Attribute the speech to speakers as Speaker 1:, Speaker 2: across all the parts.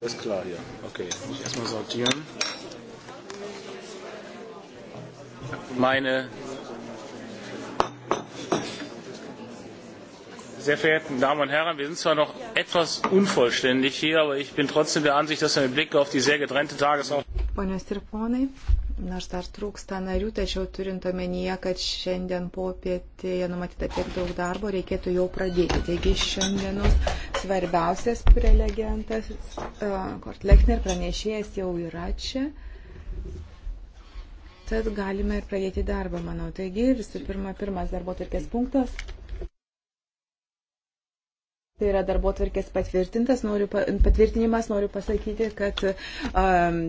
Speaker 1: Alles klar hier. Okay,
Speaker 2: muss ich erstmal sortieren. Meine sehr verehrten Damen und Herren, wir sind zwar noch etwas unvollständig hier, aber ich bin trotzdem
Speaker 1: der Ansicht, dass wir mit Blick auf die sehr getrennte Tagesordnung
Speaker 3: nors dar trūksta narių, tačiau turint omenyje, kad šiandien popietėje numatyta tiek daug darbo, reikėtų jau pradėti. Taigi šiandienos svarbiausias prelegentas, uh, e, Kortlechner pranešėjas jau yra čia. Tad galime ir pradėti darbą, manau. Taigi visų pirma, pirmas darbo tarkės punktas. Tai yra darbo tvarkės patvirtintas, noriu, patvirtinimas, noriu pasakyti, kad um,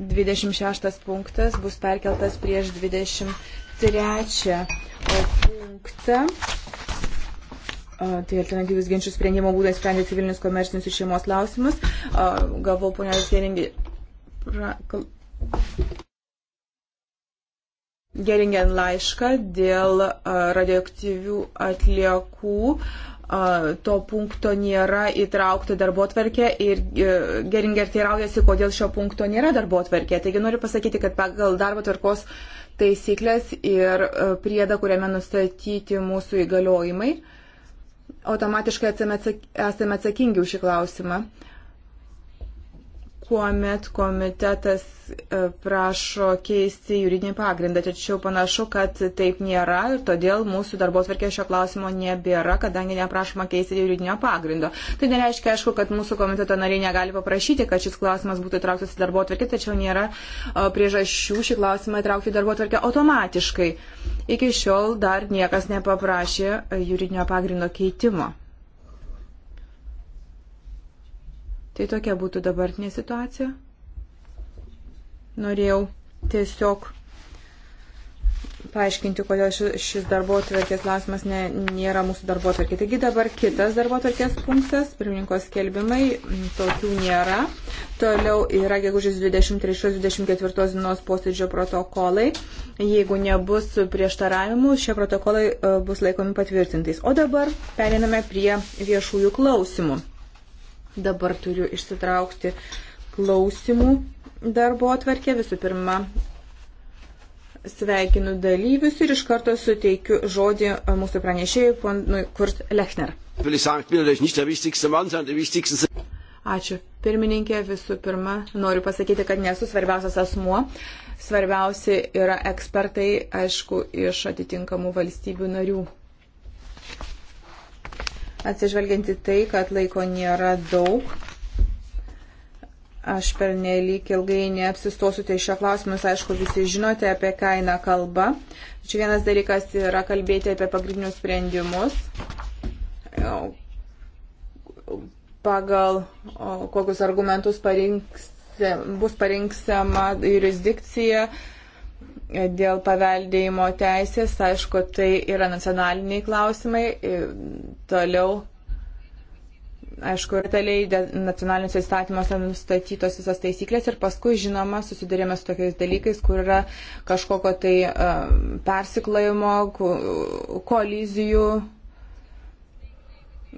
Speaker 3: 26 punktas bus perkeltas prieš 23 punktą. Tai alternatyvus ginčių sprendimo būdai sprendė civilinius komercinius ir šeimos klausimus. Gavau ponelės Geringi. Geringen laišką dėl radioaktyvių atliekų. Uh, to punkto nėra įtraukta darbo tvarkė ir e, Geringer teiraujasi, kodėl šio punkto nėra darbo tvarkė. Taigi noriu pasakyti, kad pagal darbo tvarkos taisyklės ir e, priedą, kuriame nustatyti mūsų įgaliojimai, automatiškai esame atsakingi už šį klausimą kuomet komitetas e, prašo keisti juridinį pagrindą. Tačiau panašu, kad taip nėra ir todėl mūsų darbo tvarkė šio klausimo nebėra, kadangi neprašoma keisti juridinio pagrindo. Tai nereiškia, aišku, kad mūsų komiteto nariai negali paprašyti, kad šis klausimas būtų įtrauktas į darbo tvarkę, tačiau nėra e, priežasčių šį klausimą įtraukti į darbo tvarkę automatiškai. Iki šiol dar niekas nepaprašė juridinio pagrindo keitimo. Tai tokia būtų dabartinė situacija. Norėjau tiesiog paaiškinti, kodėl šis darbo atverkės klausimas ne, nėra mūsų darbo atverkė. Taigi dabar kitas darbo atverkės punktas, pirmininkos skelbimai, tokių nėra. Toliau yra gegužės 23-24 dienos posėdžio protokolai. Jeigu nebus prieštaravimų, šie protokolai e, bus laikomi patvirtintais. O dabar periname prie viešųjų klausimų. Dabar turiu išsitraukti klausimų darbo atvarkę. Visų pirma, sveikinu dalyvius ir iš karto suteikiu žodį mūsų pranešėjui, ponui Kurt Lechner. Ačiū. Pirmininkė, visų pirma, noriu pasakyti, kad nesu svarbiausias asmuo. Svarbiausi yra ekspertai, aišku, iš atitinkamų valstybių narių atsižvelgianti tai, kad laiko nėra daug. Aš per nelik ilgai neapsistosiu, tai šio klausimus, aišku, visi žinote, apie ką eina kalba. Čia vienas dalykas yra kalbėti apie pagrindinius sprendimus, pagal kokius argumentus parinks, bus parinksama jurisdikcija dėl paveldėjimo teisės, aišku, tai yra nacionaliniai klausimai. E, toliau, aišku, detaliai nacionaliniuose įstatymuose nustatytos visas taisyklės ir paskui, žinoma, susidurėme su tokiais dalykais, kur yra kažkokio tai e, persiklajimo, kolizijų.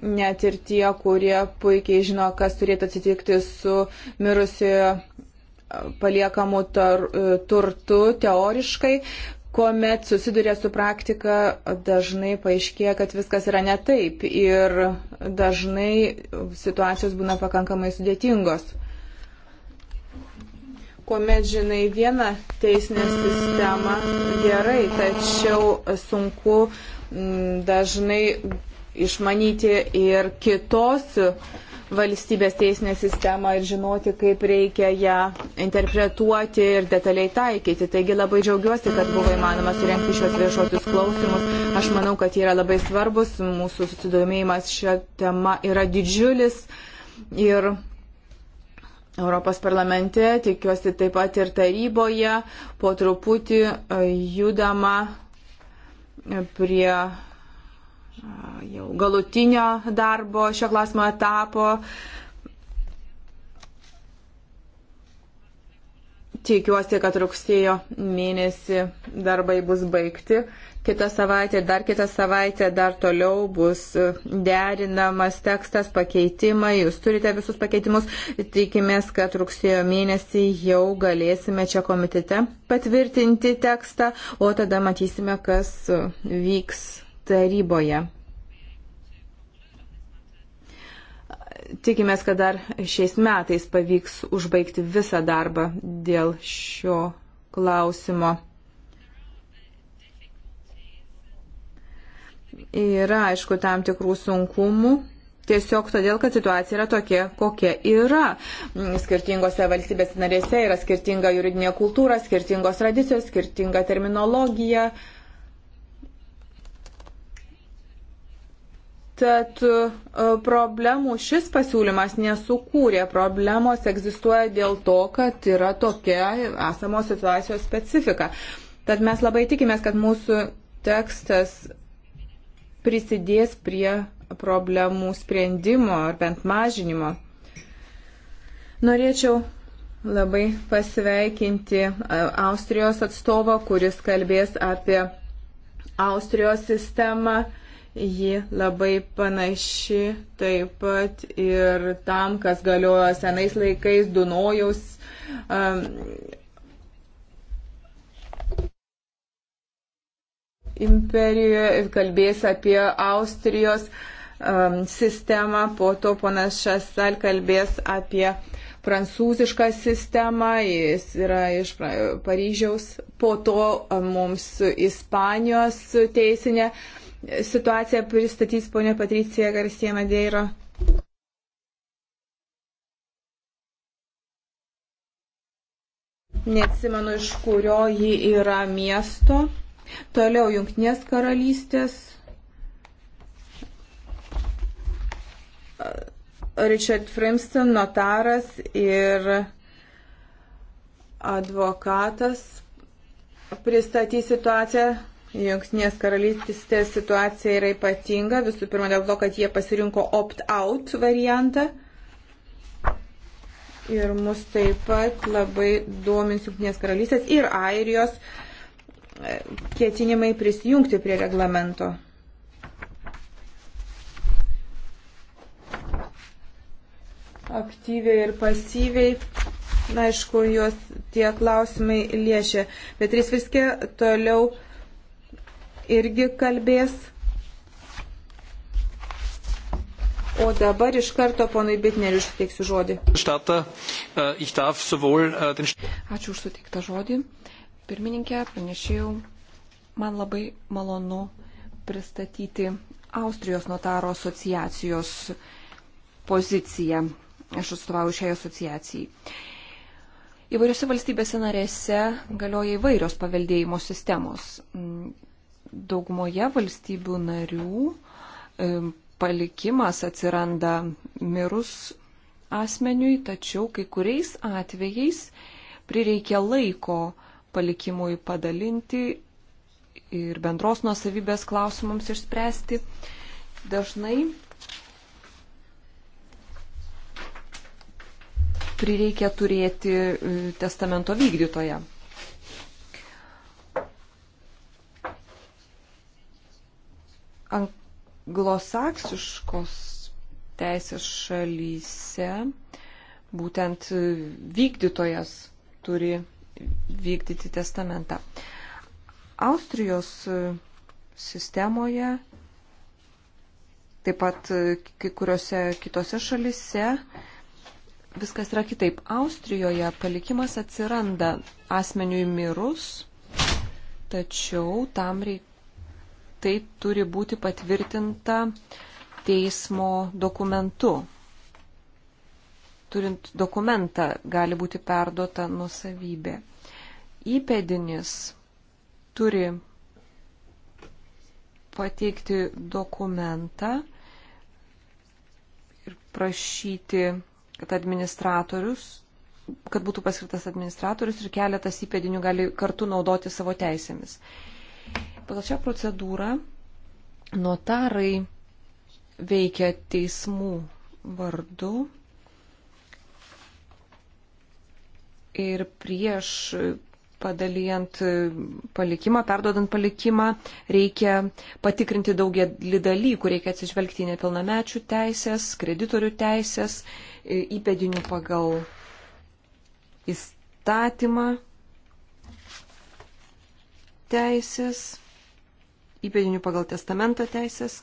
Speaker 3: Net ir tie, kurie puikiai žino, kas turėtų atsitikti su mirusiojo paliekamu tar, turtu teoriškai, kuomet susiduria su praktika, dažnai paaiškėja, kad viskas yra ne taip ir dažnai situacijos būna pakankamai sudėtingos. Kuomet žinai vieną teisinę sistemą gerai, tačiau sunku mm, dažnai išmanyti ir kitos uh, valstybės teisinę sistemą ir žinoti, kaip reikia ją interpretuoti ir detaliai taikyti. Taigi labai džiaugiuosi, kad buvo įmanoma surenkti šios viešuotus klausimus. Aš manau, kad jie yra labai svarbus, mūsų susidomėjimas šią temą yra didžiulis. Ir Europos parlamente, tikiuosi taip pat ir taryboje, po truputį e, judama prie jau galutinio darbo šio klausimo etapo. Tikiuosi, kad rugsėjo mėnesį darbai bus baigti. Kita savaitė, dar kitą savaitę, dar toliau bus derinamas tekstas, pakeitimai, jūs turite visus pakeitimus. Tikimės, kad rugsėjo mėnesį jau galėsime čia komitete patvirtinti tekstą, o tada matysime, kas vyks taryboje. Tikimės, kad dar šiais metais pavyks užbaigti visą darbą dėl šio klausimo. Yra, aišku, tam tikrų sunkumų. Tiesiog todėl, kad situacija yra tokia, kokia yra. Skirtingose valstybės narėse yra skirtinga juridinė kultūra, skirtingos tradicijos, skirtinga terminologija. Uh, Tad e, problemų šis pasiūlymas nesukūrė. Problemos egzistuoja dėl to, kad yra tokia esamos situacijos specifika. Tad mes labai tikimės, kad mūsų tekstas prisidės prie problemų sprendimo ar bent mažinimo. Norėčiau labai pasveikinti e, Austrijos atstovą, kuris kalbės apie Austrijos sistemą ji labai panaši taip pat ir tam, kas galiojo senais laikais Dunojaus. Um, imperijoje kalbės apie Austrijos um, sistemą, po to ponas Šasal kalbės apie prancūzišką sistemą, jis yra iš Paryžiaus, po to um, mums Ispanijos teisinė. Um, situaciją pristatys ponė Patricija Garcija Madeiro. Neatsimenu, iš kurio ji yra miesto. Toliau Junktinės karalystės. Richard Frimston, notaras ir advokatas pristatys situaciją Junktinės karalystės situacija yra ypatinga, visų pirma dėl to, kad jie pasirinko opt-out variantą. Ir mus taip pat labai duomins Junktinės karalystės ir Airijos e, ketinimai prisijungti prie reglamento. Aktyviai ir pasyviai aišku, juos tie klausimai liešia. Bet Risvirskė toliau irgi kalbės. O dabar iš karto ponui Bitneriu suteiksiu žodį.
Speaker 4: Äh, äh,
Speaker 1: Ačiū už suteiktą žodį. Pirmininkė, pranešėjau, man labai malonu pristatyti Austrijos notaro asociacijos poziciją. Aš atstovauju šiai asociacijai. Įvairiose valstybėse narėse galioja įvairios paveldėjimo sistemos daugumoje valstybių narių e, palikimas atsiranda mirus asmeniui, tačiau kai kuriais atvejais prireikia laiko palikimui padalinti ir bendros nuosavybės klausimams išspręsti. Dažnai prireikia turėti e, testamento vykdytoją. anglosaksiškos teisės šalyse būtent vykdytojas turi vykdyti testamentą. Austrijos sistemoje, taip pat kai kuriuose kitose šalise viskas yra kitaip. Austrijoje palikimas atsiranda asmeniui mirus, tačiau tam reikia tai turi būti patvirtinta teismo dokumentu. Turint dokumentą gali būti perduota nusavybė. Įpėdinis turi pateikti dokumentą ir prašyti, kad administratorius kad būtų paskirtas administratorius ir keletas įpėdinių gali kartu naudoti savo teisėmis. Pagal šią procedūrą notarai veikia teismų vardu ir prieš padalijant palikimą, perduodant palikimą, reikia patikrinti daugelį dalykų, reikia atsižvelgti į nepilnamečių teisės, kreditorių teisės, įpėdinių pagal įstatymą teisės įpėdinių pagal testamento teisės.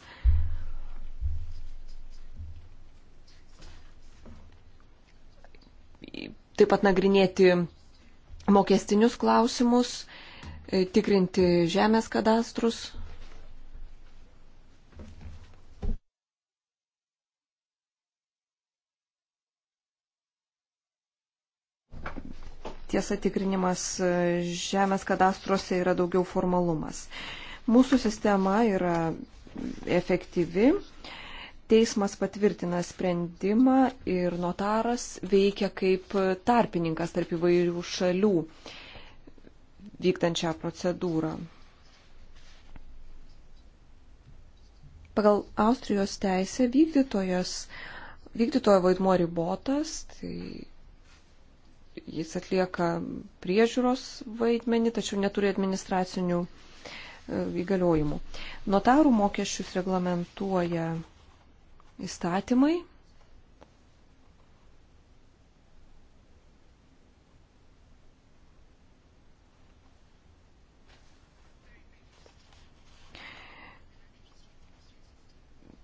Speaker 1: Taip pat nagrinėti mokestinius klausimus, e, tikrinti žemės kadastrus, tiesa tikrinimas e, žemės kadastruose yra daugiau formalumas. Mūsų sistema yra efektyvi. Teismas patvirtina sprendimą ir notaras veikia kaip tarpininkas tarp įvairių šalių vykdančią procedūrą. Pagal Austrijos teisę vykdytojas, vykdytojo vaidmuo ribotas, tai jis atlieka priežiūros vaidmenį, tačiau neturi administracinių įgaliojimų. Notarų mokesčius reglamentuoja įstatymai.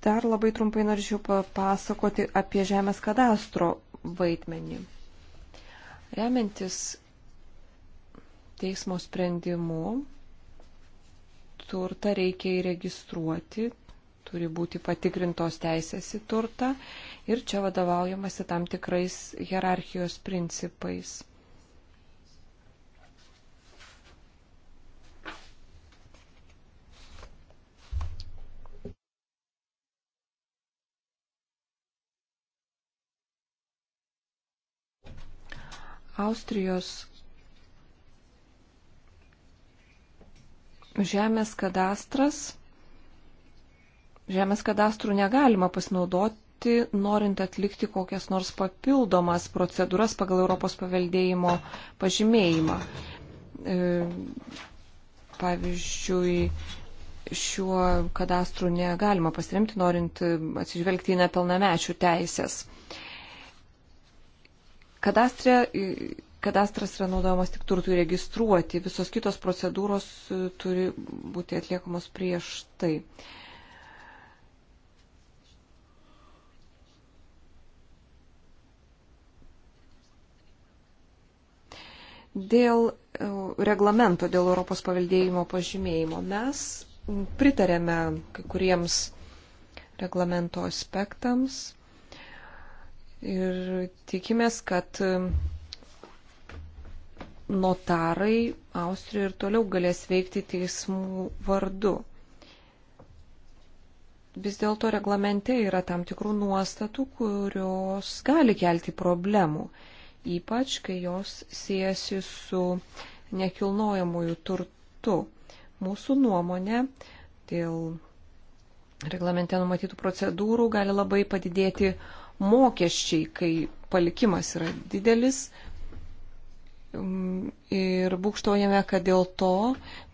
Speaker 1: Dar labai trumpai norėčiau papasakoti apie žemės kadastro vaidmenį. Remiantis teismo sprendimu, turtą reikia įregistruoti, turi būti patikrintos teisės į turtą ir čia vadovaujamasi tam tikrais hierarchijos principais. Austrijos Žemės kadastras. Žemės kadastrų negalima pasinaudoti, norint atlikti kokias nors papildomas procedūras pagal Europos paveldėjimo pažymėjimą. E, pavyzdžiui, šiuo kadastru negalima pasiremti, norint atsižvelgti į nepilnamečių teisės. Kadastrė kadastras yra naudojamas tik turtui registruoti, visos kitos procedūros e, turi būti atliekamos prieš tai. Dėl e, reglamento, dėl Europos paveldėjimo pažymėjimo mes pritarėme kai kuriems reglamento aspektams ir tikimės, kad e, notarai Austrijoje ir toliau galės veikti teismų vardu. Vis dėlto reglamente yra tam tikrų nuostatų, kurios gali kelti problemų, ypač kai jos siejasi su nekilnojamųjų turtu. Mūsų nuomonė dėl reglamente numatytų procedūrų gali labai padidėti mokesčiai, kai palikimas yra didelis Mm, ir būkštojame, kad dėl to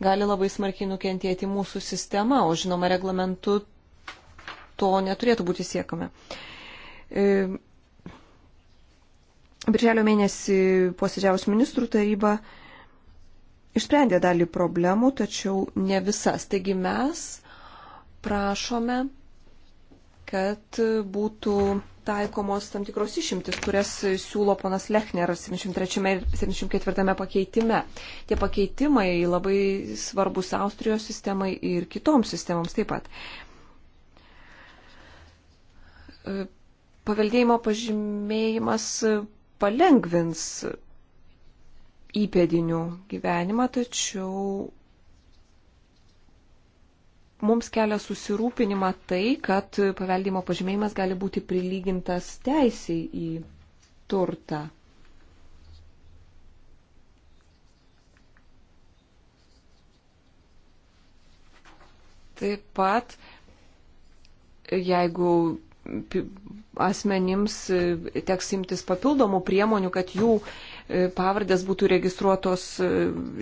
Speaker 1: gali labai smarkiai nukentėti mūsų sistema, o žinoma, reglamentu to neturėtų būti siekame. Birželio mėnesį posėdžiaus ministrų taryba išsprendė dalį problemų, tačiau ne visas. Taigi mes prašome kad būtų taikomos tam tikros išimtis, kurias siūlo ponas Lechner 73 ir 74 pakeitime. Tie pakeitimai labai svarbus Austrijos sistemai ir kitoms sistemoms taip pat. Paveldėjimo pažymėjimas palengvins įpėdinių gyvenimą, tačiau mums kelia susirūpinimą tai, kad paveldimo pažymėjimas gali būti prilygintas teisiai į turtą. Taip pat, jeigu asmenims teks imtis papildomų priemonių, kad jų pavardės būtų registruotos e,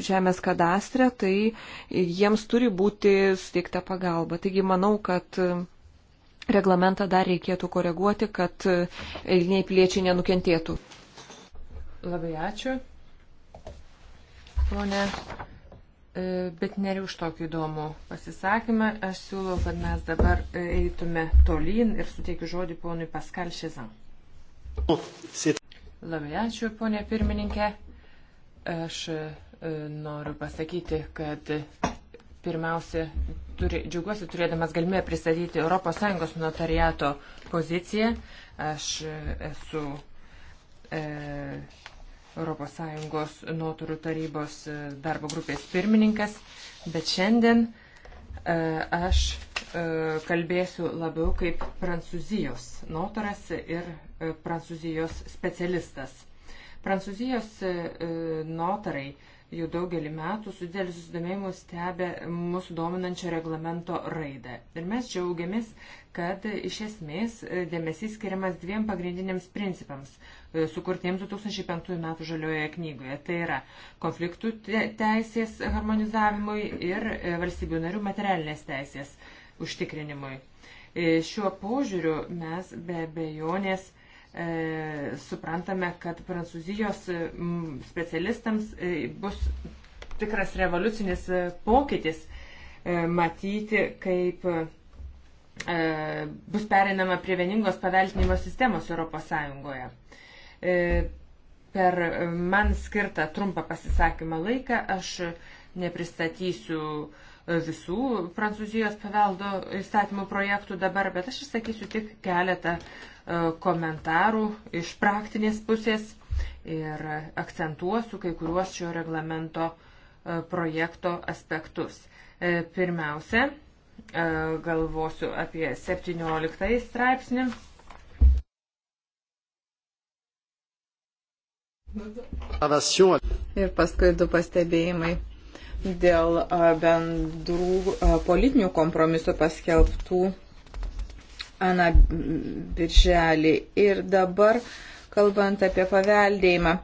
Speaker 1: žemės kadastre, tai jiems turi būti suteikta pagalba. Taigi manau, kad e, reglamentą dar reikėtų koreguoti, kad e, eiliniai piliečiai nenukentėtų.
Speaker 4: Labai ačiū. Pone bet neri už tokį įdomų pasisakymą. Aš siūlau, kad mes dabar eitume tolyn ir suteikiu žodį ponui Paskal Šezan. Oh, Labai ačiū, ponė pirmininkė. Aš e, noriu pasakyti, kad pirmiausia, turi, džiaugiuosi turėdamas galimybę pristatyti ES notariato poziciją. Aš e, esu e, ES notarų tarybos e, darbo grupės pirmininkas, bet šiandien e, E, aš e, kalbėsiu labiau kaip prancūzijos notaras ir e, prancūzijos specialistas. Prancūzijos notarai jau daugelį metų su dideliu susidomėjimu stebė mūsų dominančio reglamento raidą. Ir mes džiaugiamės, kad iš esmės e, dėmesys skiriamas dviem pagrindiniams principams e, sukurtiems 2005 metų žaliojoje knygoje. Tai yra konfliktų teisės harmonizavimui ir e, valstybių narių materialinės teisės užtikrinimui. Šiuo požiūriu mes be bejonės e, suprantame, kad Prancūzijos specialistams e, bus tikras revoliucinis e, pokytis e, matyti, kaip e, bus pereinama prie vieningos paveldinimo sistemos Europos Sąjungoje. E, per man skirtą trumpą pasisakymą laiką aš nepristatysiu visų Prancūzijos paveldo įstatymų projektų dabar, bet aš išsakysiu tik keletą E, komentarų iš praktinės pusės ir akcentuosiu kai kuriuos šio reglamento e, projekto aspektus. E, pirmiausia, galvosiu apie 17 straipsnį.
Speaker 3: Ir paskui du pastebėjimai dėl bendrų politinių kompromisų paskelbtų aną birželį. Ir dabar, kalbant apie paveldėjimą,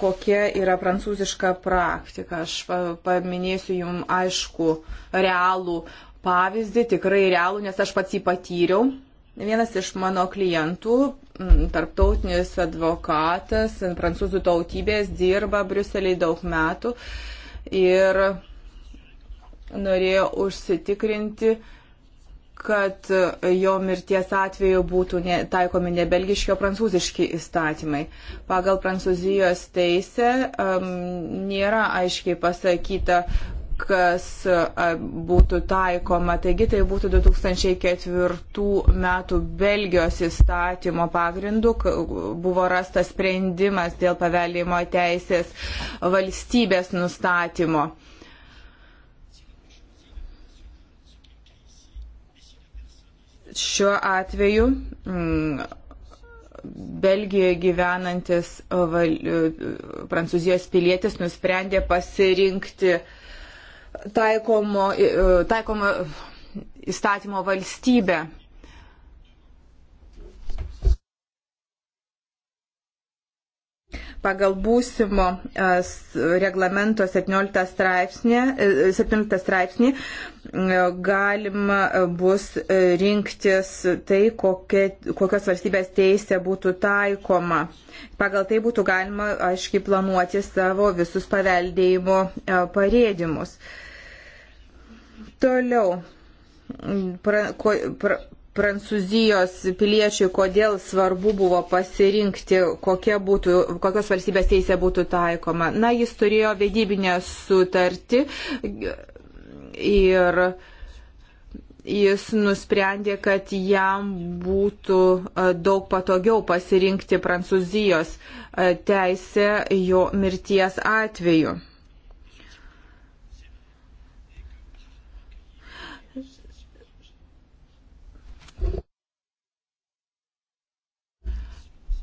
Speaker 3: kokia yra prancūziška praktika. Aš paminėsiu jum aišku realų pavyzdį, tikrai realų, nes aš pats jį patyriau. Vienas iš mano klientų, tarptautinis advokatas, prancūzų tautybės, dirba Briuseliai daug metų ir norėjo užsitikrinti uh, kad e, jo mirties atveju būtų ne, taikomi ne belgiški, o prancūziški įstatymai. Pagal prancūzijos teisę um, nėra aiškiai pasakyta, kas e, būtų taikoma. Taigi tai būtų 2004 metų Belgijos įstatymo pagrindu buvo rastas sprendimas dėl paveldėjimo teisės valstybės nustatymo. Šiuo atveju m, mm, Belgijoje gyvenantis e, val, e, prancūzijos pilietis nusprendė pasirinkti taikomo, e, taikomo įstatymo valstybę pagal būsimo e, reglamento 17 straipsnį, 17 e, straipsnį e, galima bus rinktis tai, kokie, kokios valstybės teisė būtų taikoma. Pagal tai būtų galima, aiškiai, planuoti savo visus paveldėjimo parėdimus. Toliau. Pra, ko, pra, Prancūzijos piliečiui, kodėl svarbu buvo pasirinkti, kokia būtų, kokios valstybės teisė būtų taikoma. Na, jis turėjo vedybinę sutartį ir jis nusprendė, kad jam būtų e, daug patogiau pasirinkti Prancūzijos e, teisę jo mirties atveju.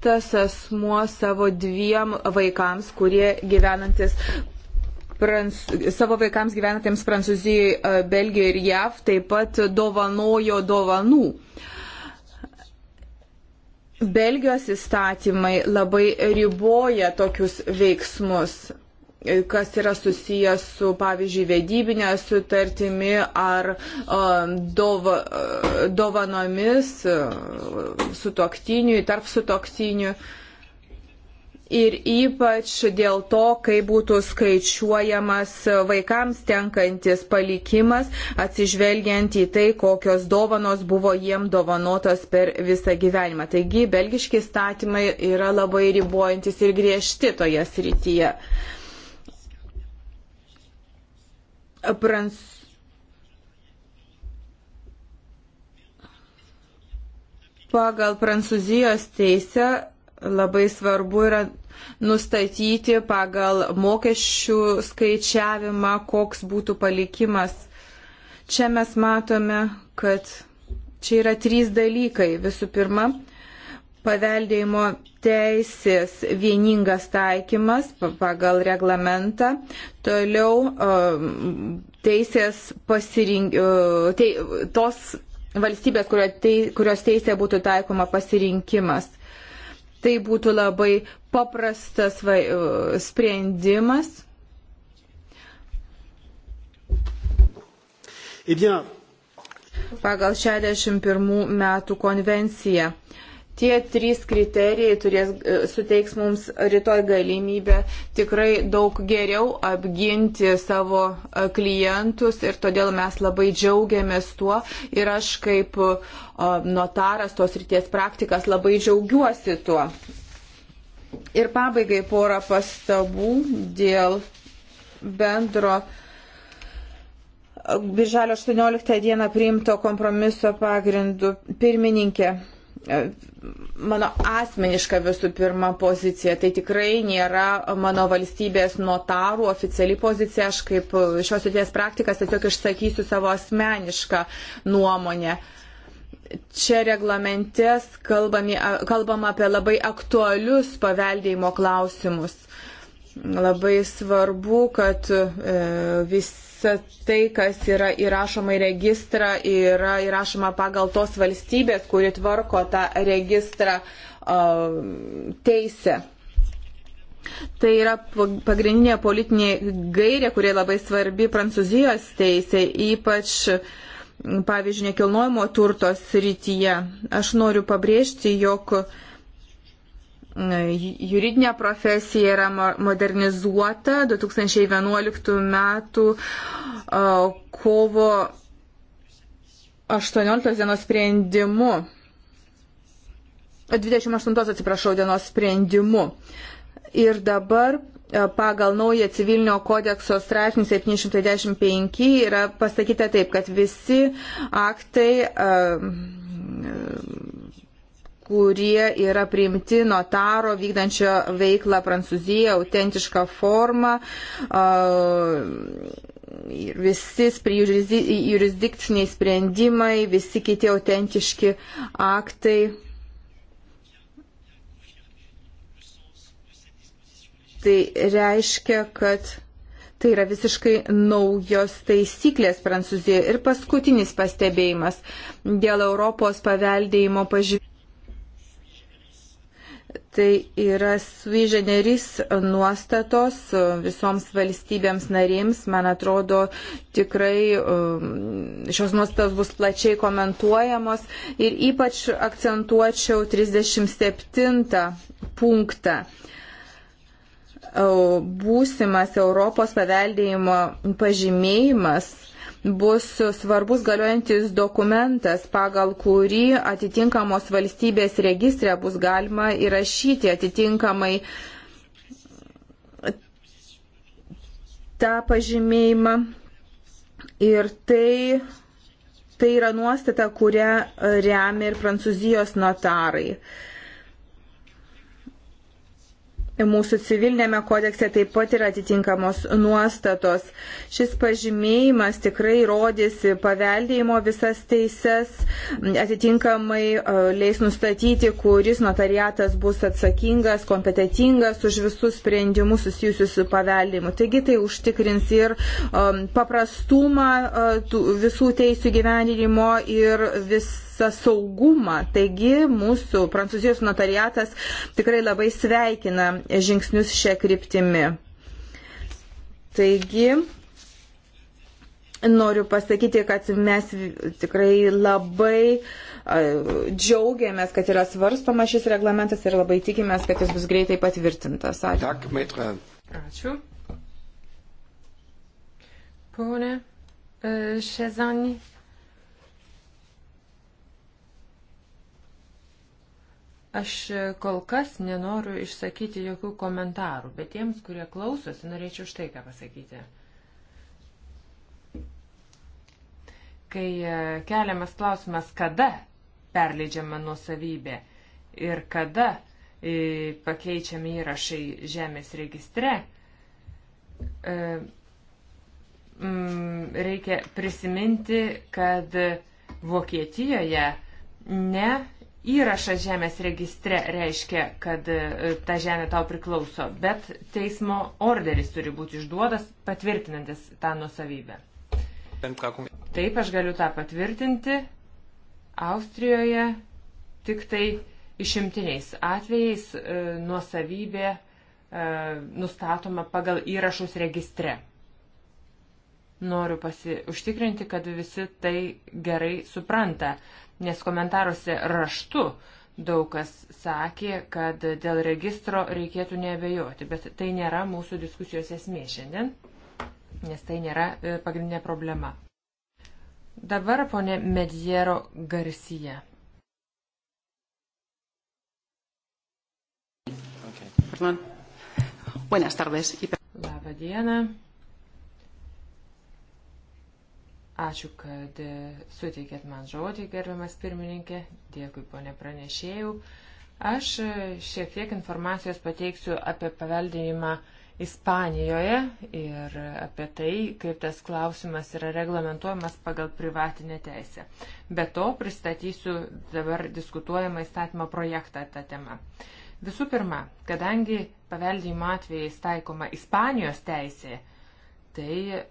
Speaker 3: tas asmuo savo dviem vaikams, kurie gyvenantis Prans, savo vaikams gyvenantiems Prancūzijoje, e, Belgijoje ir JAV taip pat dovanojo dovanų. Belgijos įstatymai labai riboja tokius veiksmus kas yra susijęs su, pavyzdžiui, vedybinė sutartimi ar um, dova, dovanomis um, su toktiniui, tarp su toktiniu. Ir ypač dėl to, kai būtų skaičiuojamas vaikams tenkantis palikimas, atsižvelgiant į tai, kokios dovanos buvo jiem dovanotos per visą gyvenimą. Taigi, belgiški statymai yra labai ribojantis ir griežti toje srityje. Uh, Prans... Pagal Prancūzijos teisę labai svarbu yra nustatyti pagal mokesčių skaičiavimą, koks būtų palikimas. Čia mes matome, kad čia yra trys dalykai. Visų pirma, paveldėjimo teisės vieningas taikymas pagal reglamentą, toliau teisės pasirink, te, tos valstybės, kurio te, kurios teisė būtų taikoma pasirinkimas. Tai būtų labai paprastas va, sprendimas. Eh bien, pagal 61 metų konvenciją. Uh, Tie trys kriterijai turės, e, suteiks mums rytoj galimybę tikrai daug geriau apginti savo e, klientus ir todėl mes labai džiaugiamės tuo ir aš kaip e, notaras tos ryties praktikas labai džiaugiuosi tuo. Ir pabaigai porą pastabų dėl bendro Birželio 18 dieną priimto kompromiso pagrindų pirmininkė. E, mano asmeniška visų pirma pozicija. Tai tikrai nėra mano valstybės notarų oficiali pozicija. Aš kaip šios sėties praktikas tiesiog išsakysiu savo asmenišką nuomonę. Čia reglamente kalbama apie labai aktualius paveldėjimo klausimus. Labai svarbu, kad e, visa tai, kas yra įrašoma į registrą, yra įrašoma pagal tos valstybės, kuri tvarko tą registrą teisę. Tai yra pagrindinė politinė gairė, kurie labai svarbi Prancūzijos teisė, ypač, pavyzdžiui, nekilnojimo turto srityje. Aš noriu pabrėžti, jog uh, Juridinė profesija yra modernizuota 2011 metų kovo 18 dienos sprendimu. 28 atsiprašau dienos sprendimu. Ir dabar pagal naują civilinio kodekso straipsnį 715 yra pasakyta taip, kad visi aktai uh, kurie yra priimti notaro vykdančio veiklą Prancūzijoje, autentišką formą. Ir visi jurisdikciniai sprendimai, visi kiti autentiški aktai. Tai reiškia, kad Tai yra visiškai naujos taisyklės Prancūzijoje. Ir paskutinis pastebėjimas dėl Europos paveldėjimo pažymėjimo. Tai yra sui generis nuostatos e, visoms valstybėms narėms. Man atrodo, tikrai e, šios nuostatos bus plačiai komentuojamos. Ir ypač akcentuočiau 37 punktą e, būsimas Europos paveldėjimo pažymėjimas bus svarbus galiojantis dokumentas, pagal kurį atitinkamos valstybės registrė bus galima įrašyti atitinkamai tą pažymėjimą. Ir tai, tai yra nuostata, kurią remia ir prancūzijos notarai. Mūsų civilinėme kodekse taip pat yra atitinkamos nuostatos. Šis pažymėjimas tikrai rodys paveldėjimo visas teises, atitinkamai e, leis nustatyti, kuris notariatas bus atsakingas, kompetitingas už visus sprendimus susijusius su paveldėjimu. Taigi tai užtikrins ir e, paprastumą e, visų teisų gyvenimo ir vis visą saugumą. Taigi mūsų prancūzijos notariatas tikrai labai sveikina žingsnius šią kryptimį. Taigi, noriu pasakyti, kad mes tikrai labai džiaugiamės, kad yra svarstoma šis reglamentas ir labai tikimės, kad jis bus greitai patvirtintas. Ačiū.
Speaker 4: Ačiū. Pone e, Šezani, Aš kol kas nenoriu išsakyti jokių komentarų, bet tiems, kurie klausosi, norėčiau štai ką pasakyti. Kai e, keliamas klausimas, kada perleidžiama nuosavybė ir kada e, pakeičiami įrašai žemės registre, e, mm, reikia prisiminti, kad Vokietijoje ne įrašas žemės registre reiškia, kad e, ta žemė tau priklauso, bet teismo orderis turi būti išduotas patvirtinantis tą nusavybę.
Speaker 1: Taip,
Speaker 4: aš galiu tą patvirtinti. Austrijoje tik tai išimtiniais atvejais e, nuosavybė e, nustatoma pagal įrašus registre. Noriu pasi užtikrinti, kad visi tai gerai supranta, nes komentaruose raštu daug kas sakė, kad dėl registro reikėtų neabejoti, bet tai nėra mūsų diskusijos esmė šiandien, nes tai nėra e, pagrindinė problema. Dabar ponė Medjero Garcia.
Speaker 2: Okay.
Speaker 4: Pardon. Buenas tardes. Labą dieną. Ačiū, kad e, suteikėt man žodį, gerbiamas pirmininkė. Dėkui, ponė pranešėjau. Aš e, šiek tiek informacijos pateiksiu apie paveldėjimą Ispanijoje ir apie tai, kaip tas klausimas yra reglamentuojamas pagal privatinę teisę. Be to pristatysiu dabar diskutuojamą įstatymo projektą tą temą. Visų pirma, kadangi paveldėjimo atvejais taikoma Ispanijos teisė, tai e,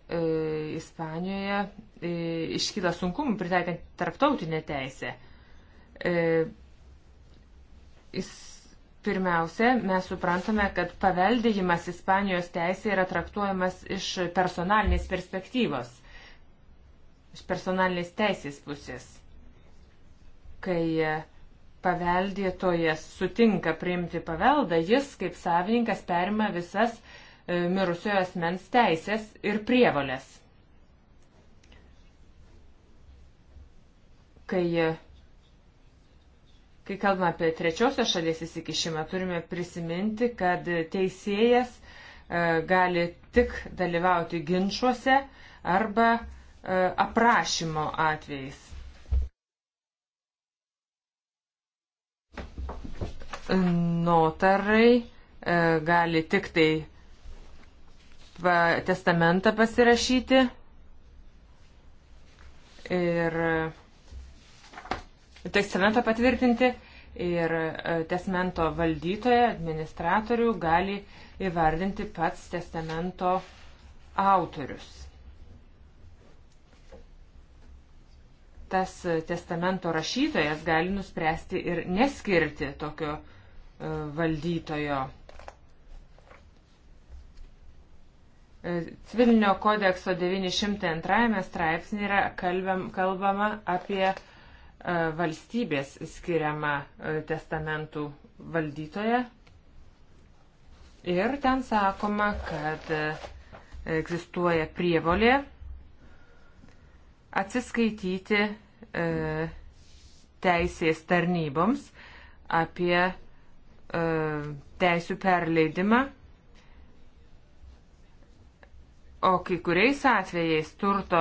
Speaker 4: Ispanijoje e, iškyla sunkumų pritaikant tarptautinę teisę. E, jis, pirmiausia, mes suprantame, kad paveldėjimas Ispanijos teisė yra traktuojamas iš personalinės perspektyvos, iš personalinės teisės pusės. Kai paveldėtojas sutinka priimti paveldą, jis kaip savininkas perima visas E, mirusiojo asmens teisės ir prievalės. Kai, e, kai kalbame apie trečiosios šalies įsikišimą, turime prisiminti, kad teisėjas e, gali tik dalyvauti ginčiuose arba aprašymo atvejais. Notarai gali tik tai laisvą testamentą pasirašyti. Ir e, testamentą patvirtinti ir e, testamento valdytoja, administratorių gali įvardinti pats testamento autorius. Tas e, testamento rašytojas gali nuspręsti ir neskirti tokio valdytojo Civilinio kodekso 902 straipsnė yra kalbiam, kalbama apie e, valstybės skiriamą e, testamentų valdytoją. Ir ten sakoma, kad e, egzistuoja prievolė atsiskaityti teisės tarnyboms apie teisų perleidimą o kai kuriais atvejais turto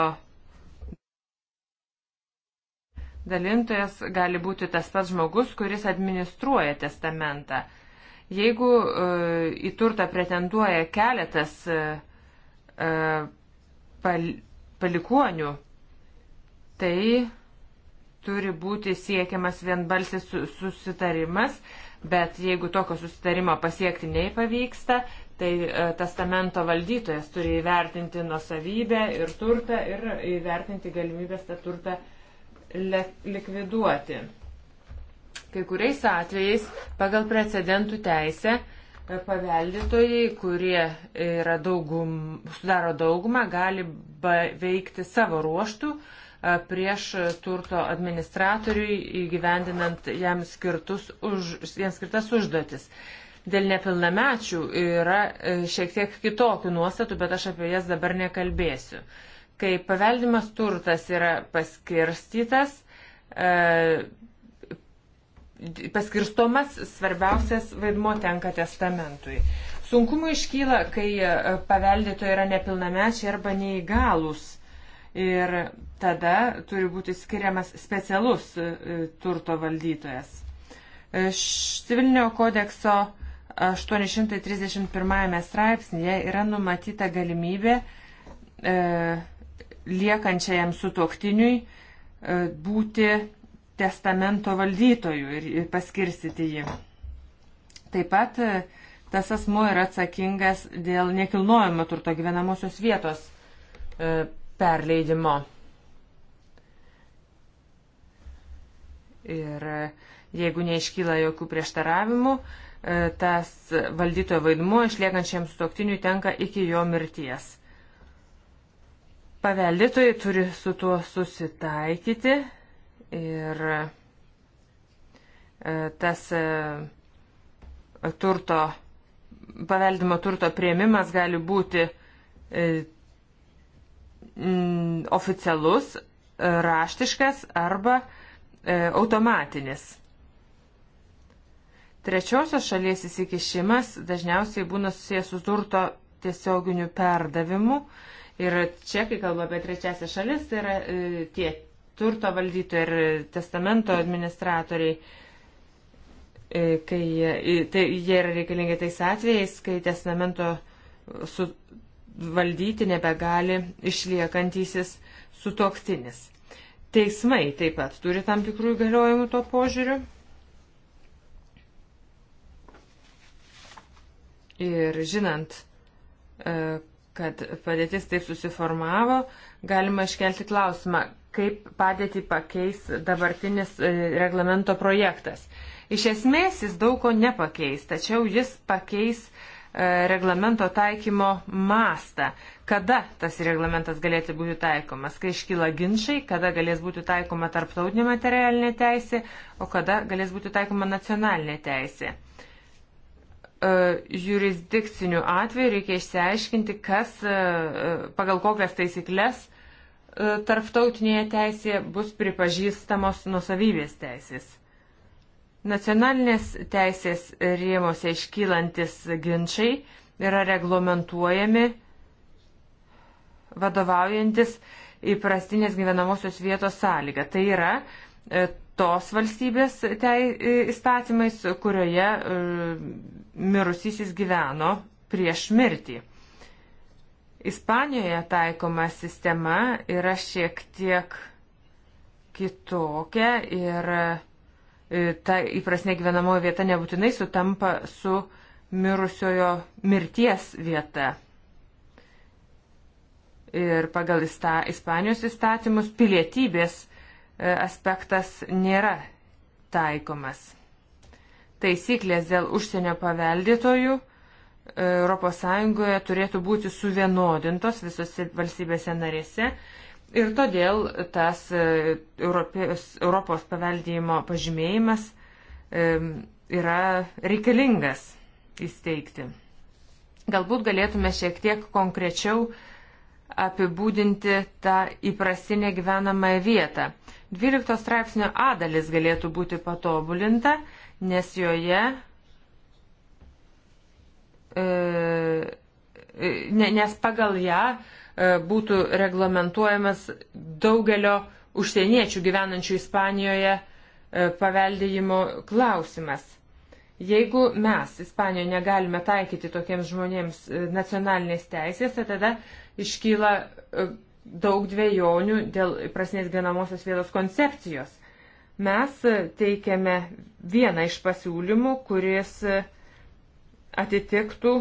Speaker 4: dalintojas gali būti tas pats žmogus, kuris administruoja testamentą. Jeigu e, į turtą pretenduoja keletas e, e pal, palikuonių, tai turi būti siekiamas vienbalsis susitarimas, bet jeigu tokio susitarimo pasiekti neįpavyksta, tai e, testamento valdytojas turi įvertinti nusavybę ir turtą ir įvertinti galimybės tą turtą likviduoti. Kai kuriais atvejais pagal precedentų teisę e, paveldėtojai, kurie yra daugum, sudaro daugumą, gali veikti savo ruoštų e, prieš turto administratoriui įgyvendinant jam, skirtus už, jam skirtas užduotis. Dėl nepilnamečių yra e, šiek tiek kitokių nuostatų, bet aš apie jas dabar nekalbėsiu. Kai paveldimas turtas yra paskirstytas, e, paskirstomas svarbiausias vaidmo tenka testamentui. Sunkumų iškyla, kai e, paveldėtojai yra nepilnamečiai arba neįgalūs. Ir tada turi būti skiriamas specialus turto valdytojas. Civilinio kodekso 831 straipsnėje yra numatyta galimybė e, liekančiajam sutoktiniui e, būti testamento valdytoju ir paskirstyti jį. Taip pat e, tas asmuo yra atsakingas dėl nekilnojamo turto gyvenamosios vietos e, perleidimo. Ir e, jeigu neiškyla jokių prieštaravimų, e, E, tas valdytojo vaidmuo išliekančiam sutoktiniui tenka iki jo mirties. Paveldėtojai turi su tuo susitaikyti ir e, tas e, turto, paveldimo turto prieimimas gali būti oficialus, raštiškas arba automatinis Trečiosios šalies įsikišimas dažniausiai būna susijęs su turto tiesioginiu perdavimu. Ir čia, kai kalba apie trečiasią šalis, tai yra e, tie turto valdytojai ir testamento administratoriai, e, kai e, tai, jie yra reikalingi tais atvejais, kai testamento valdyti nebegali išliekantysis sutoktinis. Teismai taip pat turi tam tikrų įgaliojimų tuo požiūriu. Ir žinant, e, kad padėtis taip susiformavo, galima iškelti klausimą, kaip padėtį pakeis dabartinis e, reglamento projektas. Iš esmės jis daug ko nepakeis, tačiau jis pakeis e, reglamento taikymo mastą, kada tas reglamentas galėtų būti taikomas, kai iškyla ginčiai, kada galės būti taikoma tarptautinė materialinė teisė, o kada galės būti taikoma nacionalinė teisė. E, jurisdikcinių atvejų reikia išsiaiškinti, kas, e, e, pagal kokias taisyklės tarptautinėje teisėje bus pripažįstamos nusavybės teisės. Nacionalinės teisės rėmose iškylantis ginčiai yra reglamentuojami vadovaujantis įprastinės gyvenamosios vietos sąlyga. Tai yra tos valstybės tei, e, įstatymais, kurioje e, mirusysis gyveno prieš mirtį. Ispanijoje taikoma sistema yra šiek tiek kitokia ir e, ta įprasnė gyvenamoji vieta nebūtinai sutampa su mirusiojo mirties vieta. Ir pagal Ispanijos įstatymus pilietybės E, aspektas nėra taikomas. Taisyklės dėl užsienio paveldėtojų ES turėtų būti suvienodintos visose valstybėse narėse ir todėl tas e, Europės, Europos paveldėjimo pažymėjimas e, yra reikalingas įsteigti. Galbūt galėtume šiek tiek konkrečiau apibūdinti tą įprastinę gyvenamąją vietą. 12 straipsnio A dalis galėtų būti patobulinta, nes joje e, e, nes pagal ją e, būtų reglamentuojamas daugelio užsieniečių gyvenančių Ispanijoje paveldėjimo klausimas. Jeigu mes Ispanijoje negalime taikyti tokiems žmonėms nacionalinės teisės, tai tada iškyla daug dviejonių dėl prasnės gyvenamosios vietos koncepcijos. Mes teikiame vieną iš pasiūlymų, kuris atitiktų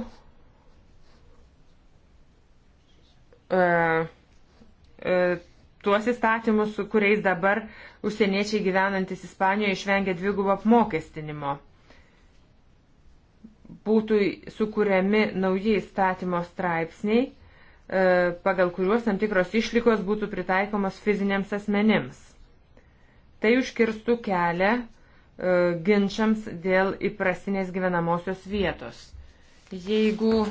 Speaker 4: uh, uh, tuos įstatymus, su kuriais dabar užsieniečiai gyvenantis Ispanijoje išvengia dvigubo apmokestinimo. Būtų sukūriami nauji įstatymo straipsniai E, pagal kuriuos tam tikros išlygos būtų pritaikomos fiziniams asmenims. Tai užkirstų kelią e, ginčiams dėl įprastinės gyvenamosios vietos. Jeigu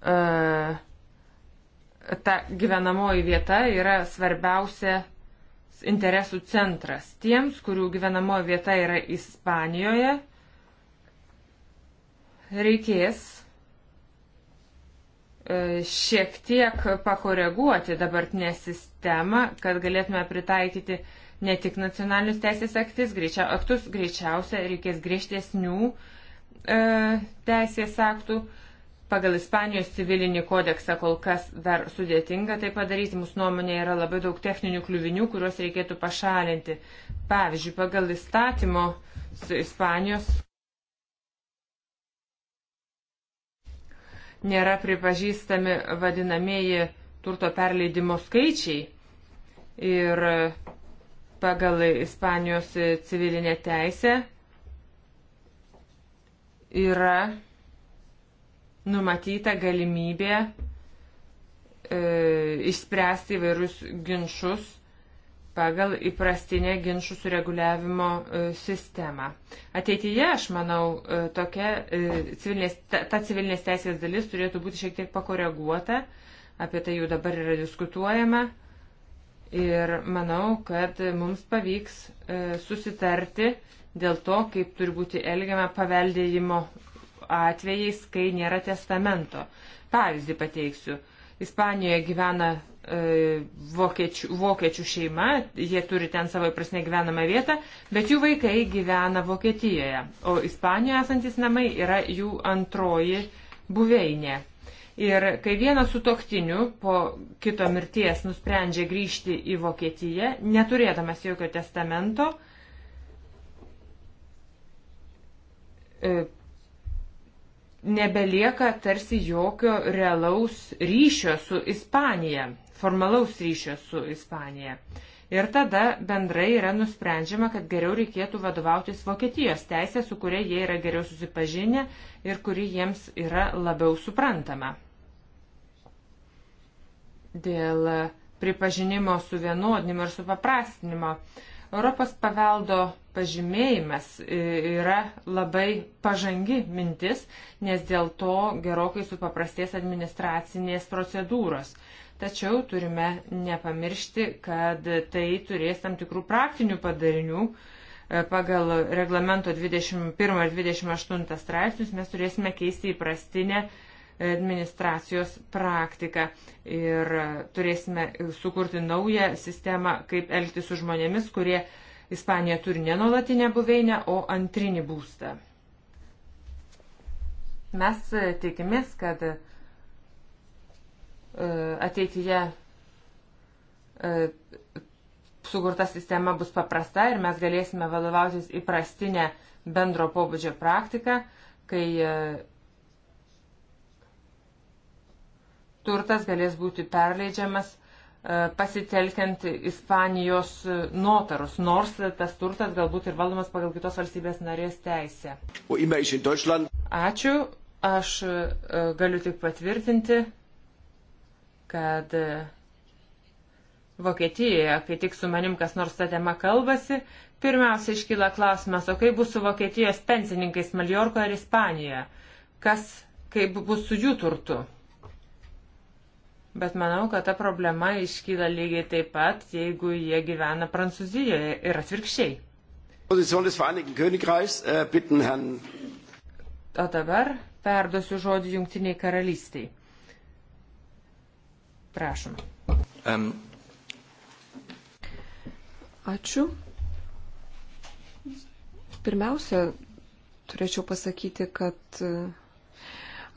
Speaker 4: e, ta gyvenamoji vieta yra svarbiausia interesų centras tiems, kurių gyvenamoji vieta yra Ispanijoje, reikės E, šiek tiek pakoreguoti dabartinę sistemą, kad galėtume pritaikyti ne tik nacionalinius teisės aktis, greičia, aktus greičiausia reikės griežtesnių e, teisės aktų. Pagal Ispanijos civilinį kodeksą kol kas dar sudėtinga tai padaryti. Mūsų nuomonė yra labai daug techninių kliuvinių, kuriuos reikėtų pašalinti. Pavyzdžiui, pagal įstatymo su Ispanijos nėra pripažįstami vadinamieji turto perleidimo skaičiai. Ir pagal Ispanijos civilinę teisę yra numatyta galimybė e, išspręsti įvairius ginčius pagal įprastinę ginčių sureguliavimo e, sistemą. Ateityje, aš manau, e, tokia, e, civilinės, ta, ta civilinės teisės dalis turėtų būti šiek tiek pakoreguota, apie tai jau dabar yra diskutuojama ir manau, kad mums pavyks susitarti dėl to, kaip turi būti elgiama paveldėjimo atvejais, kai nėra testamento. Pavyzdį pateiksiu. Ispanijoje gyvena E, vokiečių, vokiečių šeima, jie turi ten savo įprasinę gyvenamą vietą, bet jų vaikai gyvena Vokietijoje, o Ispanijoje esantis namai yra jų antroji buveinė. Ir kai vienas su toktiniu po kito mirties nusprendžia grįžti į Vokietiją, neturėdamas jokio testamento, e, nebelieka tarsi jokio realaus ryšio su Ispanija formalaus ryšio su Ispanija. Ir tada bendrai yra nusprendžiama, kad geriau reikėtų vadovautis Vokietijos teisė, su kuria jie yra geriau susipažinę ir kuri jiems yra labiau suprantama. Dėl pripažinimo suvienodinimo ir supaprastinimo Europos paveldo pažymėjimas e, yra labai pažangi mintis, nes dėl to gerokai supaprastės administracinės procedūros. Tačiau turime nepamiršti, kad tai turės tam tikrų praktinių padarinių. E, Pagal reglamento 21 ir 28 straipsnius mes turėsime keisti įprastinę administracijos praktiką ir turėsime sukurti naują sistemą, kaip elgtis su žmonėmis, kurie Ispanija turi ne nuolatinę buveinę, o antrinį būstą. Mes tikimės, kad ateityje e, sukurta sistema bus paprasta ir mes galėsime vadovautis įprastinę bendro pobūdžio praktiką, kai e, turtas galės būti perleidžiamas e, pasitelkiant Ispanijos notarus, nors tas turtas galbūt ir valdomas pagal kitos valstybės narės teisę. Ačiū, aš galiu tik patvirtinti kad Vokietijoje, kai tik su manim kas nors tą temą kalbasi, pirmiausia iškyla klausimas, o kaip bus su Vokietijos pensininkais Maljorkoje ir Ispanijoje? Kas, kaip bus su jų turtu? Bet manau, kad ta problema iškyla lygiai taip pat, jeigu jie gyvena Prancūzijoje ir atvirkščiai. Äh, o dabar perduosiu žodį Junktiniai karalystiai. Prašom. Um.
Speaker 1: Ačiū. Pirmiausia, turėčiau pasakyti, kad e,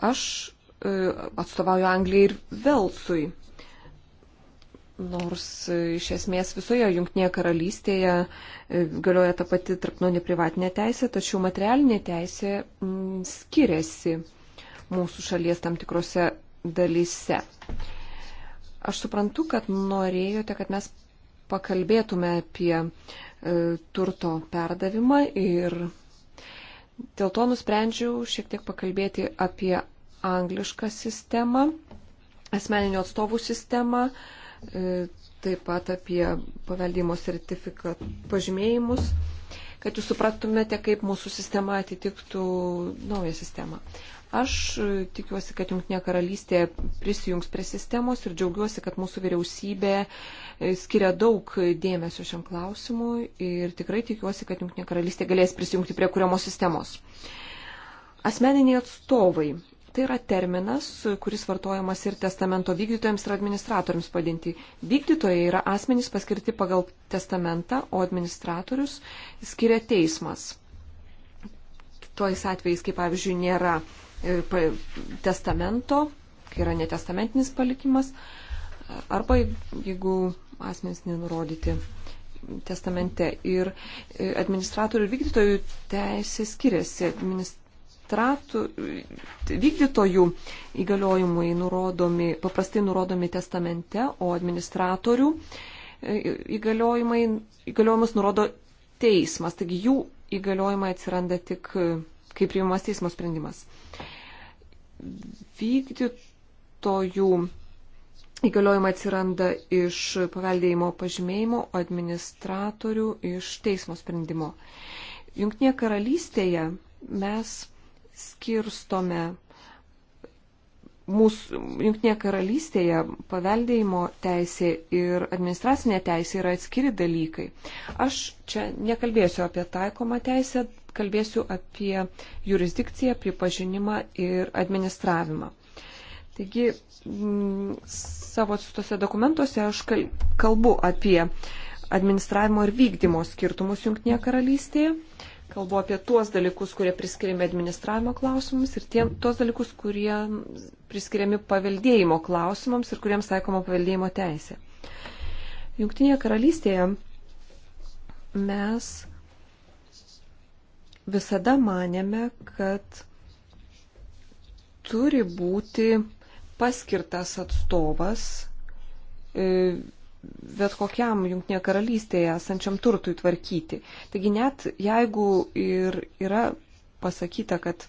Speaker 1: aš e, atstovauju Anglijai ir Velsui. Nors e, iš esmės visoje Junktinėje karalystėje galioja ta pati tarptautinė privatinė teisė, tačiau materialinė teisė skiriasi mūsų šalies tam tikrose dalyse. Aš suprantu, kad norėjote, kad mes pakalbėtume apie e, turto perdavimą ir dėl to nusprendžiau šiek tiek pakalbėti apie anglišką sistemą, asmeninio atstovų sistemą, e, taip pat apie paveldimo sertifikat pažymėjimus, kad jūs supratumėte, kaip mūsų sistema atitiktų naują sistemą. Aš e, tikiuosi, kad Junktinė karalystė prisijungs prie sistemos ir džiaugiuosi, kad mūsų vyriausybė e, skiria daug dėmesio šiam klausimui ir tikrai tikiuosi, kad Junktinė karalystė galės prisijungti prie kuriamos sistemos. Asmeniniai atstovai. Tai yra terminas, kuris vartojamas ir testamento vykdytojams ir administratoriams padinti. Vykdytojai yra asmenys paskirti pagal testamentą, o administratorius skiria teismas. Tuos atvejais, kai pavyzdžiui, nėra E, testamento, kai yra netestamentinis palikimas, arba jeigu asmenys nenurodyti testamente. Ir e, administratorių ir vykdytojų teisė skiriasi. Administratų, vykdytojų įgaliojimai nurodomi, paprastai nurodomi testamente, o administratorių e, įgaliojimus nurodo teismas. Taigi jų įgaliojimai atsiranda tik kai priimamas teismo sprendimas. Vykdytojų įgaliojimai atsiranda iš paveldėjimo pažymėjimo, administratorių iš teismo sprendimo. Junktinėje karalystėje mes skirstome mūsų Junktinėje karalystėje paveldėjimo teisė ir administracinė teisė yra atskiri dalykai. Aš čia nekalbėsiu apie taikomą teisę, kalbėsiu apie jurisdikciją, pripažinimą ir administravimą. Taigi m, savo atsistose dokumentuose aš kalbu apie administravimo ir vykdymo skirtumus Junktinėje karalystėje. Kalbu apie tuos dalykus, kurie priskiriami administravimo klausimams ir tie, tuos dalykus, kurie priskiriami paveldėjimo klausimams ir kuriems taikoma paveldėjimo teisė. Junktinėje karalystėje mes visada manėme, kad turi būti paskirtas atstovas e, bet kokiam Junktinėje karalystėje esančiam turtui tvarkyti. Taigi net jeigu ir yra pasakyta, kad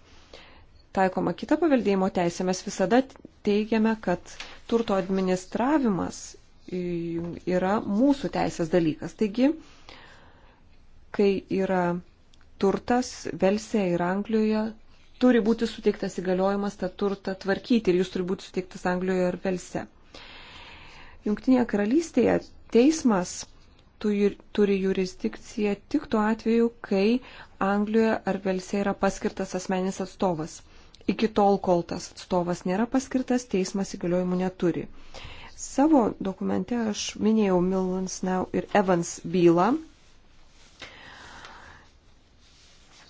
Speaker 1: taikoma kita paveldėjimo teisė, mes visada teigiame, kad turto administravimas yra mūsų teisės dalykas. Taigi, kai yra turtas Velsėje ir Anglijoje, turi būti suteiktas įgaliojimas tą turtą tvarkyti ir jis turi būti suteiktas Anglijoje ir Velsėje. Junktinėje karalystėje teismas turi jurisdikciją tik tuo atveju, kai Anglijoje ar Velsėje yra paskirtas asmenis atstovas. Iki tol, kol tas atstovas nėra paskirtas, teismas įgaliojimų neturi. Savo dokumente aš minėjau Millans Now ir Evans bylą.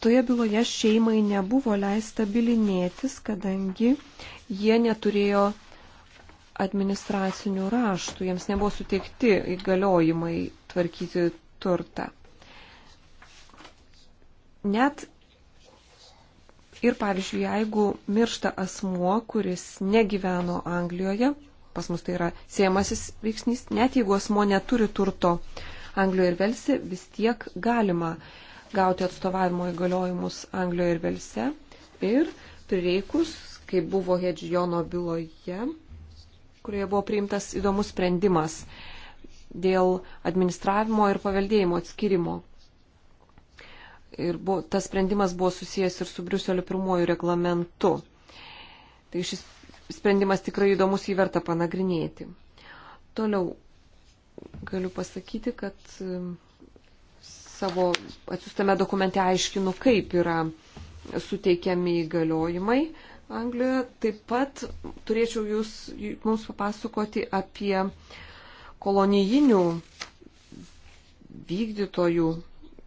Speaker 1: Toje byloje šeimai nebuvo leista bilinėtis, kadangi jie neturėjo administracinių raštų, jiems nebuvo suteikti įgaliojimai tvarkyti turtą. Net ir, pavyzdžiui, jeigu miršta asmuo, kuris negyveno Anglijoje, pas mus tai yra siejamasis veiksnys, net jeigu asmuo neturi turto Anglijoje ir Velse, vis tiek galima gauti atstovavimo įgaliojimus Anglijoje ir Velse ir prireikus, kaip buvo Hedžiono byloje, kurioje buvo priimtas įdomus sprendimas dėl administravimo ir paveldėjimo atskirimo. Ir buvo, tas sprendimas buvo susijęs ir su Briuselio pirmojų reglamentu. Tai šis sprendimas tikrai įdomus įverta panagrinėti. Toliau galiu pasakyti, kad um, savo atsiustame dokumente aiškinu, kaip yra suteikiami įgaliojimai Anglijoje. Taip pat turėčiau jūs mums papasakoti apie kolonijinių vykdytojų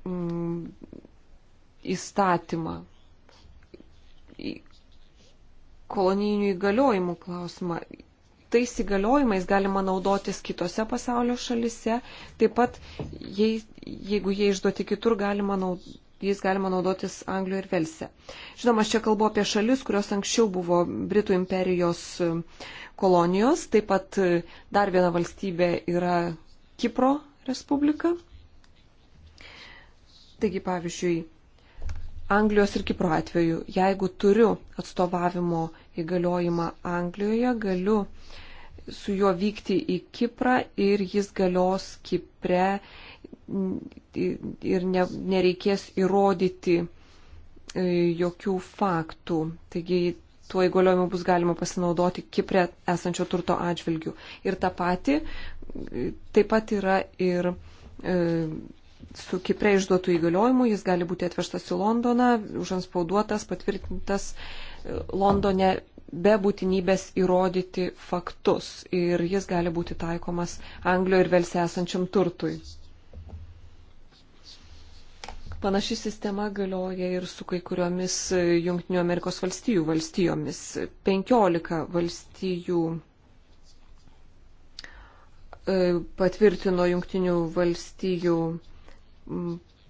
Speaker 1: mm, įstatymą, kolonijinių įgaliojimų klausimą. Tais įgaliojimais galima naudotis kitose pasaulio šalise, taip pat jei, jeigu jie išduoti kitur, galima naud, jais galima naudotis Anglijoje ir Velse. Žinoma, aš čia kalbu apie šalis, kurios anksčiau buvo Britų imperijos e, kolonijos. Taip pat e, dar viena valstybė yra Kipro Respublika. Taigi, pavyzdžiui, Anglijos ir Kipro atveju, jeigu turiu atstovavimo įgaliojimą Anglijoje, galiu su juo vykti į Kiprą ir jis galios Kipre ir ne, nereikės įrodyti e, jokių faktų. Taigi tuo įgaliojimu bus galima pasinaudoti Kiprė esančio turto atžvilgių. Ir tą patį e, taip pat yra ir e, su Kiprė išduotų įgaliojimų. Jis gali būti atvežtas į Londoną, užanspauduotas, patvirtintas e, Londone be būtinybės įrodyti faktus. Ir jis gali būti taikomas Anglio ir Velsė esančiam turtui. Panaši sistema galioja ir su kai kuriomis e, Junktinių Amerikos valstijų valstijomis. 15 valstijų e, patvirtino Junktinių valstijų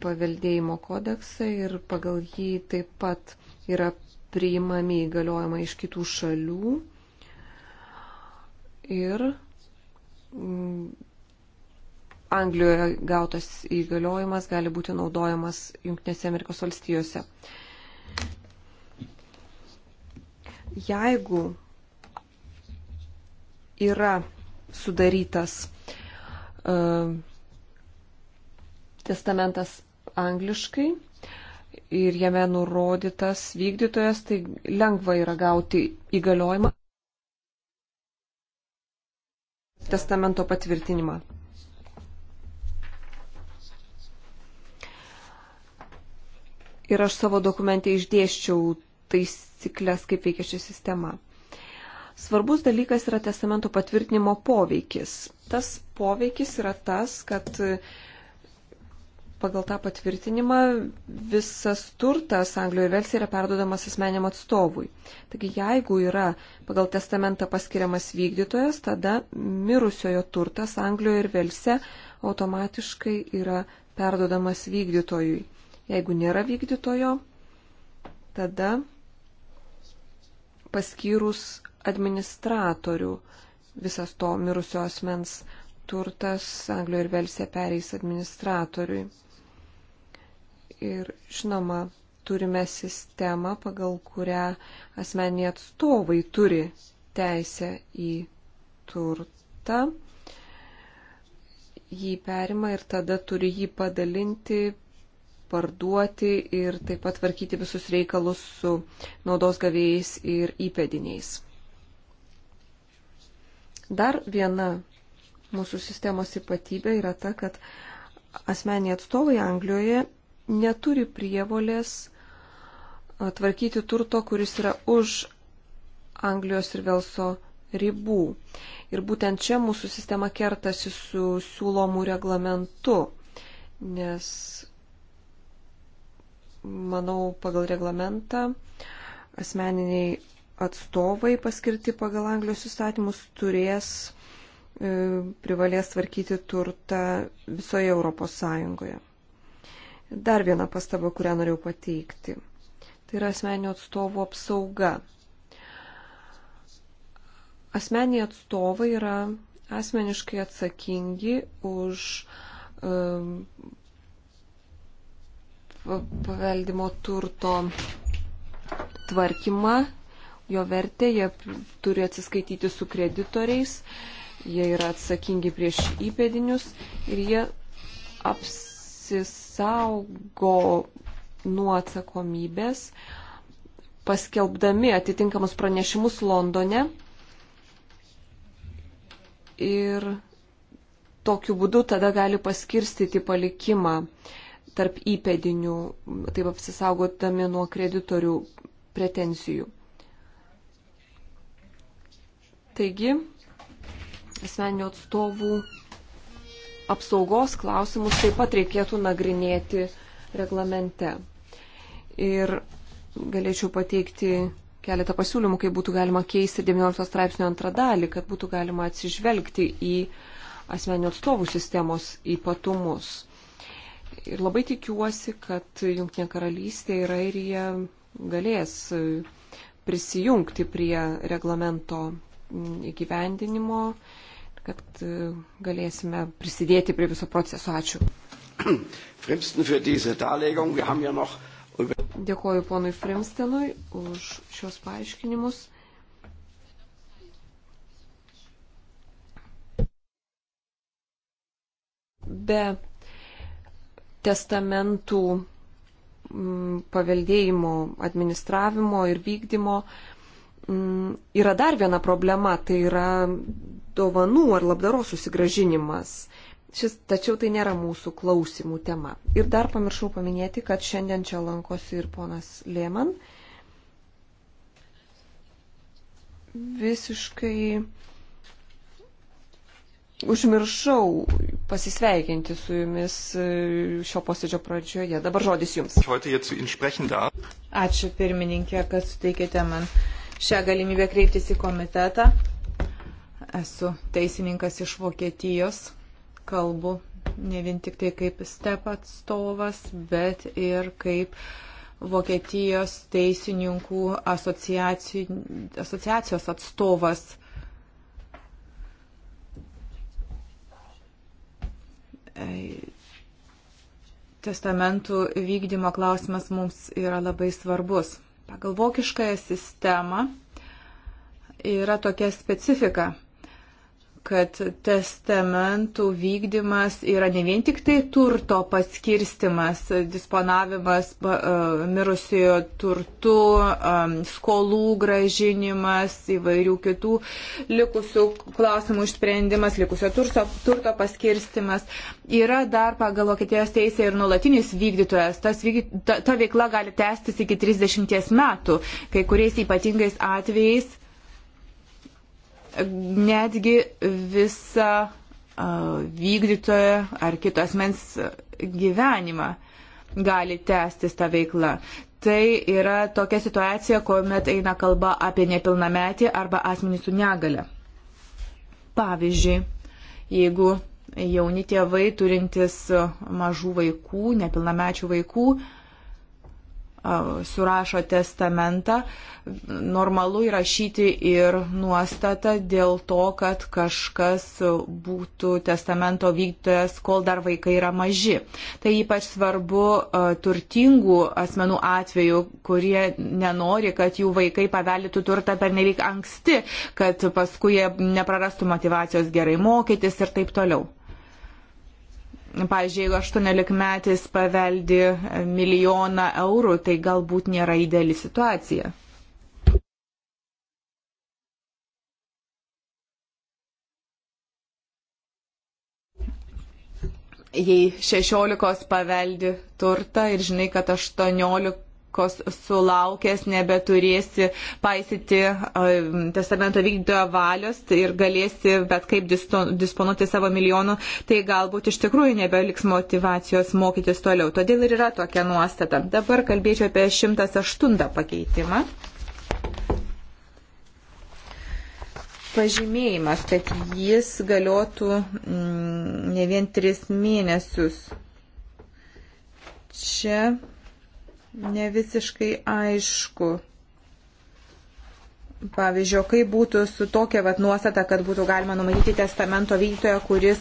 Speaker 1: paveldėjimo kodeksą ir pagal jį taip pat yra priimami įgaliojimai iš kitų šalių. Ir Anglijoje gautas įgaliojimas gali būti naudojamas Junktinėse Amerikos valstijose. Jeigu yra sudarytas uh, testamentas angliškai ir jame nurodytas vykdytojas, tai lengva yra gauti įgaliojimą testamento patvirtinimą. ir aš savo dokumente išdėščiau taisyklės, kaip veikia ši sistema. Svarbus dalykas yra testamento patvirtinimo poveikis. Tas poveikis yra tas, kad pagal tą patvirtinimą visas turtas Anglijoje ir Velsėje yra perdodamas asmeniam atstovui. Taigi jeigu yra pagal testamentą paskiriamas vykdytojas, tada mirusiojo turtas Anglijoje ir Velsėje automatiškai yra perdodamas vykdytojui. Jeigu nėra vykdytojo, tada paskyrus administratorių visas to mirusio asmens turtas Anglijoje ir Velsė pereis administratoriui. Ir žinoma, turime sistemą, pagal kurią asmeniai atstovai turi teisę į turtą, jį perima ir tada turi jį padalinti parduoti ir taip pat tvarkyti visus reikalus su naudos gavėjais ir įpėdiniais. Dar viena mūsų sistemos ypatybė yra ta, kad asmeniai atstovai Anglijoje neturi prievolės tvarkyti turto, kuris yra už Anglijos ir Velso ribų. Ir būtent čia mūsų sistema kertasi su siūlomu reglamentu, nes manau, pagal reglamentą asmeniniai atstovai paskirti pagal Anglijos įstatymus turės e, privalės tvarkyti turtą visoje Europos Sąjungoje. Dar viena pastaba, kurią norėjau pateikti. Tai yra asmeninio atstovo apsauga. Asmeniai atstovai yra asmeniškai atsakingi už um, paveldimo turto tvarkymą, jo vertę, jie turi atsiskaityti su kreditoriais, jie yra atsakingi prieš įpėdinius ir jie apsisaugo nuo atsakomybės, paskelbdami atitinkamus pranešimus Londone. Ir tokiu būdu tada gali paskirstyti palikimą. Uh, tarp įpėdinių, taip apsisaugodami nuo kreditorių pretensijų. Taigi, asmeninių atstovų apsaugos klausimus taip pat reikėtų nagrinėti reglamente. Ir galėčiau pateikti keletą pasiūlymų, kaip būtų galima keisti 19 straipsnio antrą dalį, kad būtų galima atsižvelgti į asmeninių atstovų sistemos ypatumus. Ir labai tikiuosi, kad Junktinė karalystė ir Airija galės prisijungti prie reglamento įgyvendinimo, kad galėsime prisidėti prie viso proceso. Ačiū. Dėkoju ponui Frimstenui už šios paaiškinimus. Be testamentų mm, paveldėjimo administravimo ir vykdymo mm, yra dar viena problema, tai yra dovanų ar labdaros susigražinimas. Šis, tačiau tai nėra mūsų klausimų tema. Ir dar pamiršau paminėti, kad šiandien čia lankosi ir ponas Lėman. Visiškai užmiršau pasisveikinti su jumis e, šio posėdžio pradžioje. Dabar žodis jums. Ačiū
Speaker 3: pirmininkė, kad suteikėte man šią galimybę kreiptis į komitetą. Esu teisininkas iš Vokietijos. Kalbu ne vien tik tai kaip step atstovas, bet ir kaip Vokietijos teisininkų asociacijos atstovas testamentų vykdymo klausimas mums yra labai svarbus. Pagal vokiškąją sistemą yra tokia specifika kad testamentų vykdymas yra ne vien tik tai turto paskirstimas, disponavimas e, mirusiojo turtu, e, skolų gražinimas, įvairių kitų likusių klausimų išsprendimas, likusio turto, turto paskirstimas. Yra dar pagal Vokietijos teisę ir nulatinis vykdytojas. Tas, ta, ta veikla gali tęstis iki 30 metų. Kai kuriais ypatingais atvejais netgi visą vykdytojo ar kito asmens gyvenimą gali tęstis ta veikla. Tai yra tokia situacija, kuomet eina kalba apie nepilnametį arba asmenį su negale. Pavyzdžiui, jeigu jauni tėvai turintis mažų vaikų, nepilnamečių vaikų, uh, surašo testamentą, normalu įrašyti ir nuostatą dėl to, kad kažkas būtų testamento vykdytojas, kol dar vaikai yra maži. Tai ypač svarbu turtingų asmenų atveju, kurie nenori, kad jų vaikai paveldytų turtą per nelik anksti, kad paskui jie neprarastų motivacijos gerai mokytis ir taip toliau. Pavyzdžiui, jeigu 18 metais paveldi milijoną eurų, tai galbūt nėra ideali situacija. Jei 16 paveldi turtą ir žinai, kad 18 kos sulaukęs nebeturėsi paisyti testamento vykdytojo valios ir galėsi bet kaip disponuoti savo milijonų, tai galbūt iš tikrųjų nebeliks motivacijos mokytis toliau. Todėl ir yra tokia nuostata. Dabar kalbėčiau apie 108 pakeitimą. Pažymėjimas, kad jis galiotų mm, ne vien tris mėnesius. Čia ne visiškai aišku. Pavyzdžiui, kaip būtų su tokia vat, nuostata, kad būtų galima numatyti testamento vykdytoją, kuris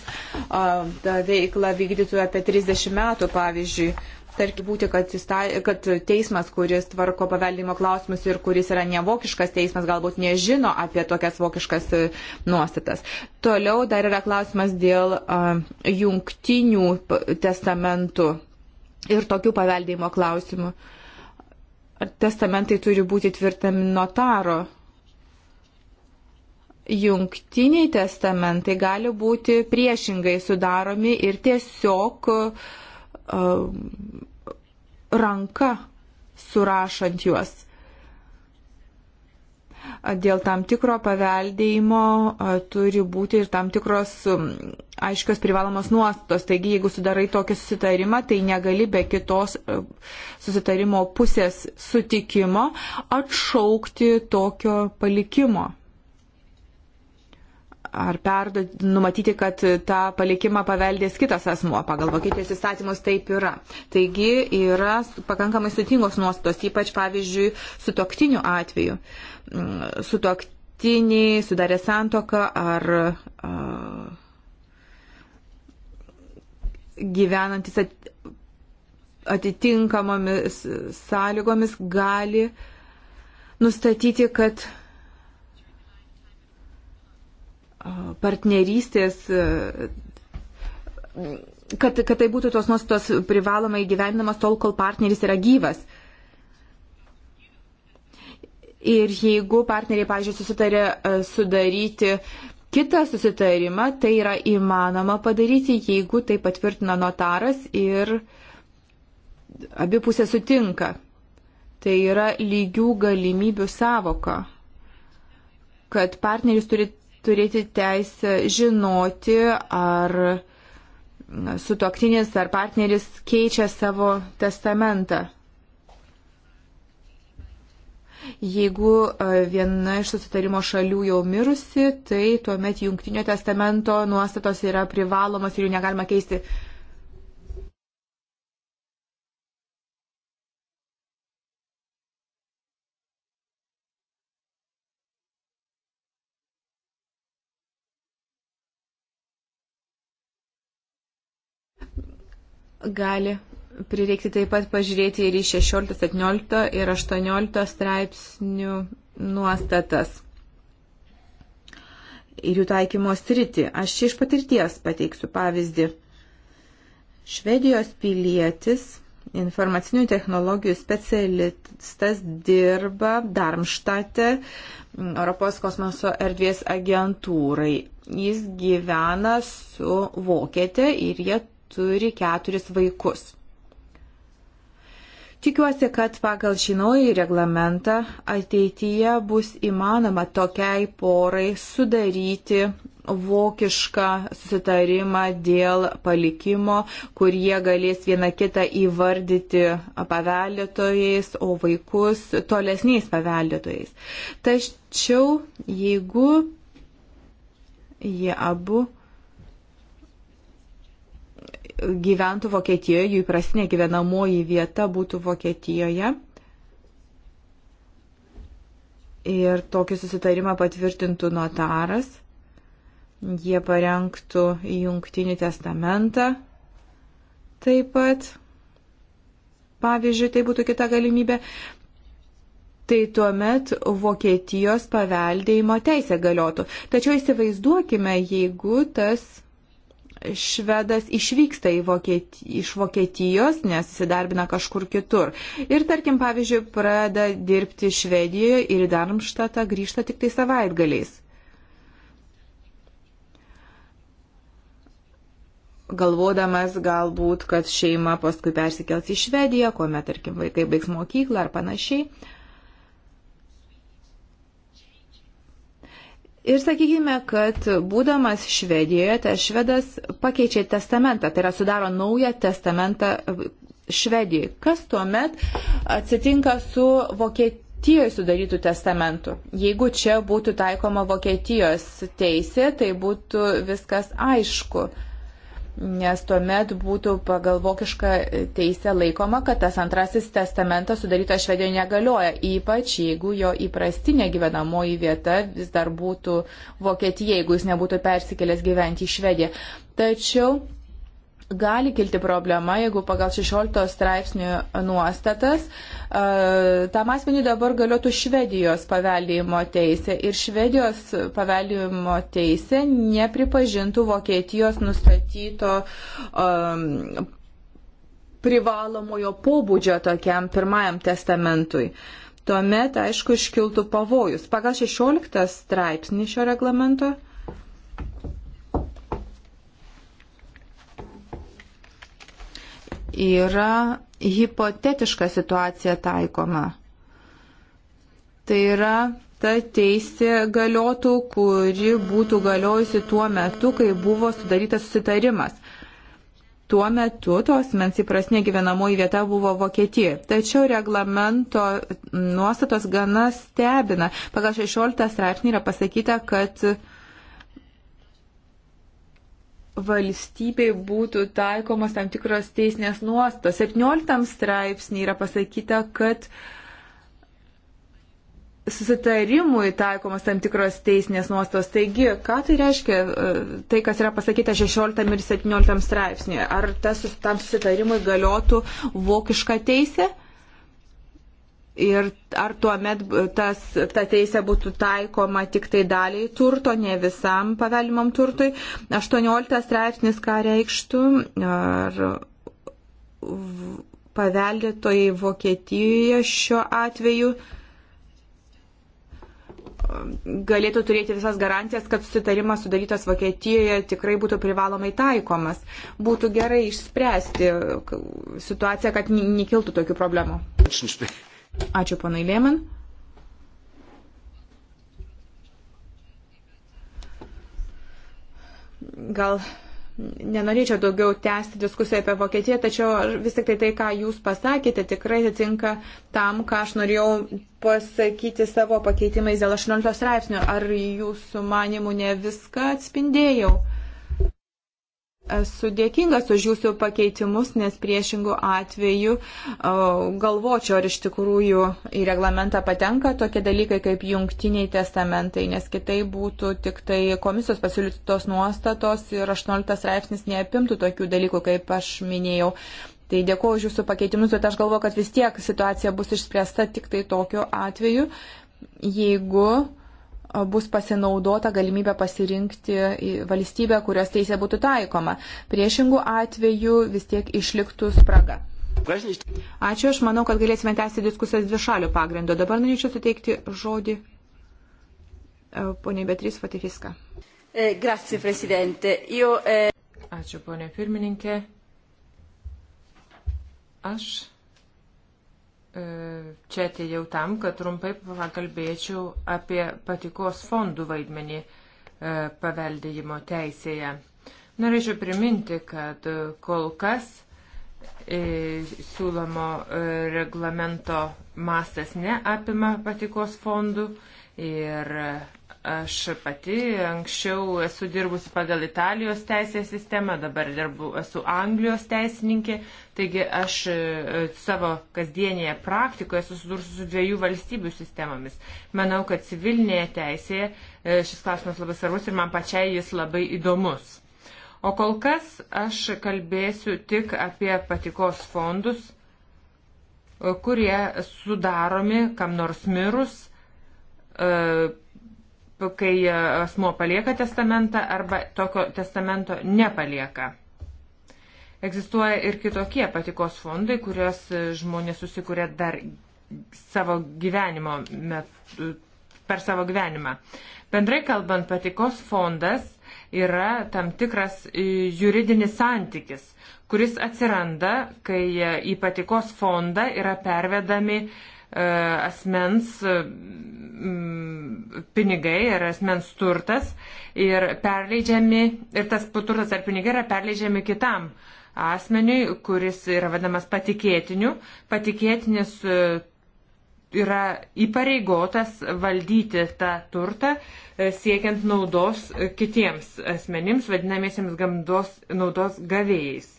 Speaker 3: a, tą veiklą vykdytų apie 30 metų, pavyzdžiui, tarkim būti, kad, kad teismas, kuris tvarko paveldimo klausimus ir kuris yra nevokiškas teismas, galbūt nežino apie tokias vokiškas e, nuostatas. Toliau dar yra klausimas dėl a, jungtinių testamentų ir tokių paveldėjimo klausimų. Testamentai turi būti tvirtami notaro. Jungtiniai testamentai gali būti priešingai sudaromi ir tiesiog uh, ranka surašant juos dėl tam tikro paveldėjimo turi būti ir tam tikros aiškios privalomos nuostatos. Taigi, jeigu sudarai tokį susitarimą, tai negali be kitos e, susitarimo pusės sutikimo atšaukti tokio palikimo ar perdu, numatyti, kad tą palikimą paveldės kitas asmuo. Pagal Vokietijos įstatymus taip yra. Taigi yra pakankamai sutingos nuostatos, ypač pavyzdžiui su toktiniu atveju. Mm, su toktiniai sudarė santoką ar. Uh, gyvenantis atitinkamomis sąlygomis gali nustatyti, kad partnerystės, kad, kad tai būtų tos nuostatos privalomai gyvenimas tol, kol partneris yra gyvas. Ir jeigu partneriai, pavyzdžiui, susitarė e, sudaryti kitą susitarimą, tai yra įmanoma padaryti, jeigu tai patvirtina notaras ir abi pusės sutinka. Tai yra lygių galimybių savoka, kad partneris turi turėti teisę žinoti, ar sutuoktinis ar partneris keičia savo testamentą. Jeigu e, viena iš susitarimo šalių jau mirusi, tai tuomet jungtinio testamento nuostatos yra privalomas ir jų negalima keisti. gali prireikti taip pat pažiūrėti ir į 16, 17 ir 18 straipsnių nuostatas ir jų taikymo sritį. Aš iš patirties pateiksiu pavyzdį. Švedijos pilietis, informacinių technologijų specialistas dirba Darmštate mm, Europos kosmoso erdvės agentūrai. Jis gyvena su vokietė ir jie turi keturis vaikus. Tikiuosi, kad pagal šį naują reglamentą ateityje bus įmanoma tokiai porai sudaryti vokišką susitarimą dėl palikimo, kur jie galės vieną kitą įvardyti paveldėtojais, o vaikus tolesniais paveldėtojais. Tačiau jeigu jie abu gyventų Vokietijoje, jų įprastinė gyvenamoji vieta būtų Vokietijoje. Ir tokį susitarimą patvirtintų notaras. Jie parengtų jungtinį testamentą taip pat. Pavyzdžiui, tai būtų kita galimybė. Tai tuomet Vokietijos paveldėjimo teisė galiotų. Tačiau įsivaizduokime, jeigu tas švedas išvyksta Vokieti, iš Vokietijos, nes įsidarbina kažkur kitur. Ir tarkim, pavyzdžiui, pradeda dirbti Švedijoje ir į Darmštatą grįžta tik tai savaitgaliais. Galvodamas galbūt, kad šeima paskui persikels į Švediją, kuomet, tarkim, vaikai baigs mokyklą ar panašiai. Ir sakykime, kad būdamas Švedijoje, tas švedas pakeičia testamentą, tai yra sudaro naują testamentą e, Švedijai. Kas tuomet atsitinka su Vokietijoje sudarytų testamentų? Jeigu čia būtų taikoma Vokietijos teisė, tai būtų viskas aišku nes tuomet būtų pagal vokišką teisę laikoma, kad tas antrasis testamentas sudarytas Švedijoje negalioja, ypač jeigu jo įprastinė gyvenamoji vieta vis dar būtų Vokietija, jeigu jis nebūtų persikėlęs gyventi į Švediją. Tačiau gali kilti problema, jeigu pagal 16 straipsnių nuostatas tam asmeniui dabar galiotų Švedijos paveldėjimo teisė ir Švedijos paveldėjimo teisė nepripažintų Vokietijos nustatyto um, privalomojo pobūdžio tokiam pirmajam testamentui. Tuomet, aišku, iškiltų pavojus. Pagal 16 straipsnį šio reglamento uh, yra hipotetiška situacija taikoma. Tai yra ta teisė galiotų, kuri būtų galiojusi tuo metu, kai buvo sudarytas susitarimas. Tuo metu tos mens įprasnė gyvenamoji vieta buvo Vokietija. Tačiau reglamento nuostatos gana stebina. Pagal 16 straipsnį yra pasakyta, kad uh, valstybei būtų taikomas tam tikros teisinės nuostos. 17 straipsnį yra pasakyta, kad susitarimui taikomas tam tikros teisinės nuostos. Taigi, ką tai reiškia e, tai, kas yra pasakyta 16 ir 17 straipsnėje? Ar tas, tam susitarimui galiotų vokiška teisė? Uh, Ir ar tuomet tas, ta teisė būtų taikoma tik tai daliai turto, ne visam pavelimam turtui. 18 straipsnis ką reikštų,
Speaker 1: ar
Speaker 3: paveldėtojai Vokietijoje šiuo atveju galėtų turėti visas garantijas, kad susitarimas sudarytas Vokietijoje tikrai būtų privalomai taikomas. Būtų gerai išspręsti situaciją, kad nekiltų tokių problemų. Ačiū, ponai Lėman. Gal nenorėčiau daugiau tęsti diskusiją apie Vokietiją, tačiau vis tik tai tai, ką jūs pasakėte, tikrai atitinka tam, ką aš norėjau pasakyti savo pakeitimais dėl 18 straipsnio. Ar jūsų manimų ne viską atspindėjau? Esu dėkingas už jūsų pakeitimus, nes priešingų atveju galvočiau, ar iš tikrųjų į reglamentą patenka tokie dalykai kaip jungtiniai testamentai, nes kitai būtų tik tai komisijos pasiūlytos nuostatos ir 18 straipsnis neapimtų tokių dalykų, kaip aš minėjau. Tai dėkuoju už jūsų pakeitimus, bet aš galvoju, kad vis tiek situacija bus išspręsta tik tai tokiu atveju, jeigu uh, bus pasinaudota galimybė pasirinkti valstybę, kurios teisė būtų taikoma. Priešingų atveju vis tiek išliktų spraga.
Speaker 2: Ačiū,
Speaker 3: aš manau, kad galėsime tęsti diskusijas dvi šalių pagrindo. Dabar norėčiau suteikti žodį e, poniai Beatrice Fatifiska. E,
Speaker 4: grazie, prezidente. Io, e... Ačiū, ponė pirmininkė. Aš E, čia atėjau tam, kad trumpai pakalbėčiau apie patikos fondų vaidmenį e, paveldėjimo teisėje. Norėčiau priminti, kad kol kas e, siūlomo reglamento mastas neapima patikos fondų ir Aš pati anksčiau esu dirbusi pagal Italijos teisės sistemą, dabar dirbu, esu Anglijos teisininkė, taigi aš e, savo kasdienėje praktikoje susidursiu su dviejų valstybių sistemomis. Manau, kad civilinėje teisėje e, šis klausimas labai svarbus ir man pačiai jis labai įdomus. O kol kas aš kalbėsiu tik apie patikos fondus, e, kurie sudaromi kam nors mirus kai e, asmo palieka testamentą arba tokio testamento nepalieka. Egzistuoja ir kitokie patikos fondai, kurios e, žmonės susikūrė dar savo gyvenimo metu, per savo gyvenimą. Bendrai kalbant, patikos fondas yra tam tikras e, juridinis santykis, kuris atsiranda, kai į patikos fondą yra pervedami E, asmens e, pinigai ar asmens turtas ir perleidžiami, ir tas turtas ar pinigai yra perleidžiami kitam asmeniui, kuris yra vadinamas patikėtiniu. Patikėtinis e, yra įpareigotas valdyti tą turtą, siekiant naudos kitiems asmenims, vadinamiesiems gamdos naudos gavėjais.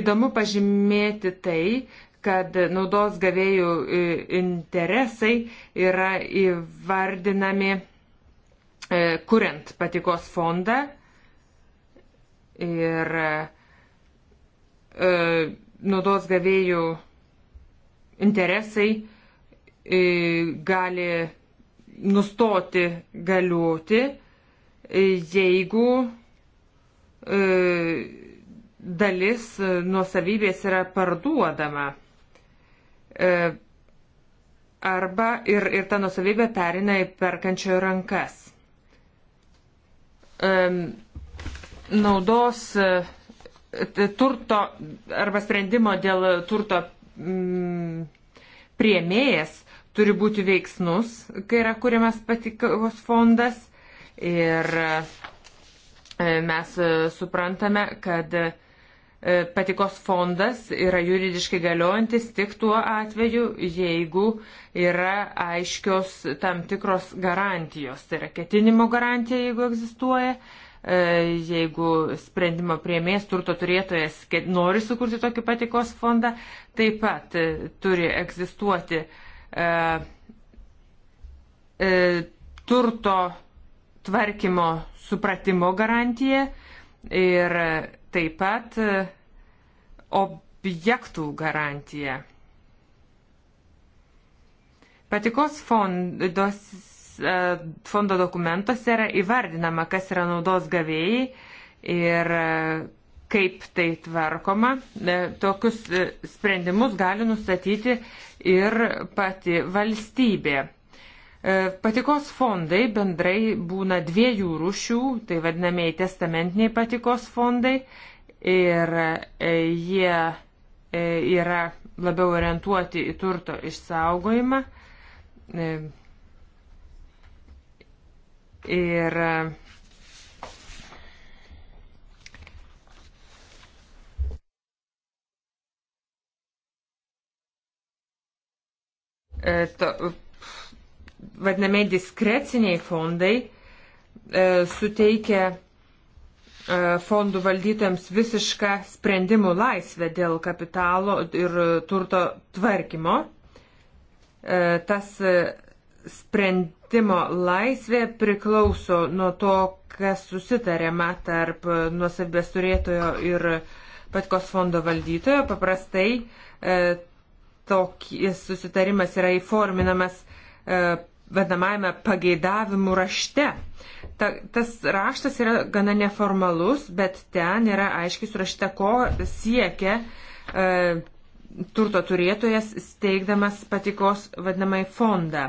Speaker 4: Įdomu pažymėti tai, kad naudos gavėjų e, interesai yra įvardinami e, kuriant patikos fondą ir e, naudos gavėjų interesai gali nustoti galioti, jeigu dalis nuosavybės yra parduodama. E, arba ir, ir ta nusavybė perina į perkančiojo rankas. E, naudos e, turto arba sprendimo dėl turto mm, prieimėjas turi būti veiksnus, kai yra kuriamas patikos fondas. Ir mes suprantame, kad E, patikos fondas yra juridiškai galiojantis tik tuo atveju, jeigu yra aiškios tam tikros garantijos. Tai yra ketinimo garantija, jeigu egzistuoja, e, jeigu sprendimo prieimėjas turto turėtojas nori sukurti tokį patikos fondą, taip pat e, turi egzistuoti turto tvarkymo supratimo garantija ir Taip pat e, objektų garantija. Patikos fondos, e, fondo dokumentuose yra įvardinama, kas yra naudos gavėjai ir e, kaip tai tvarkoma. Tokius sprendimus gali nustatyti ir pati valstybė. E, patikos fondai bendrai būna dviejų rušių, tai vadinamieji testamentiniai patikos fondai ir e, jie e, yra labiau orientuoti į turto išsaugojimą. Ir to, vadinamiai diskreciniai fondai e, suteikia e, fondų valdytojams visišką sprendimų laisvę dėl kapitalo ir turto tvarkymo. E, tas sprendimo laisvė priklauso nuo to, kas susitarėma tarp nuosavybės turėtojo ir patkos fondo valdytojo. Paprastai tokis susitarimas yra įforminamas vadinamajame pageidavimų rašte. Ta, tas raštas yra gana neformalus, bet ten yra aiškiai surašyta, ko siekia e, turto turėtojas steigdamas patikos vadinamai fondą.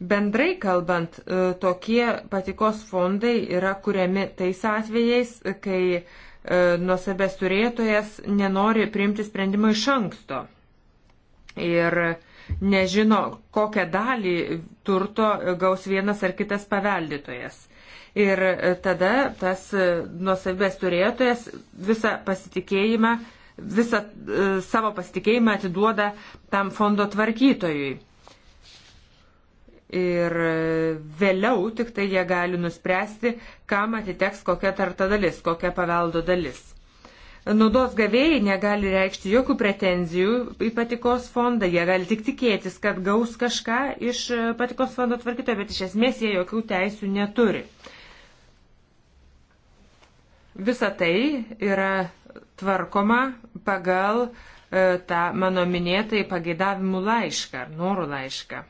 Speaker 4: Bendrai kalbant, e, tokie patikos fondai yra kuriami tais atvejais, kai e, nuosabės turėtojas nenori priimti sprendimo iš anksto. Ir e, nežino, kokią dalį turto gaus vienas ar kitas paveldėtojas. Ir tada tas nuosavybės turėtojas visą pasitikėjimą, visą e, savo pasitikėjimą atiduoda tam fondo tvarkytojui. Ir e, vėliau tik tai jie gali nuspręsti, kam atiteks kokia tarta dalis, kokia paveldo dalis. Naudos gavėjai negali reikšti jokių pretenzijų į patikos fondą, jie gali tik tikėtis, kad gaus kažką iš e, patikos fondo tvarkytojo, bet iš esmės jie jokių teisių neturi. Visa tai yra tvarkoma pagal e, tą mano minėtai pageidavimų laišką, norų laišką.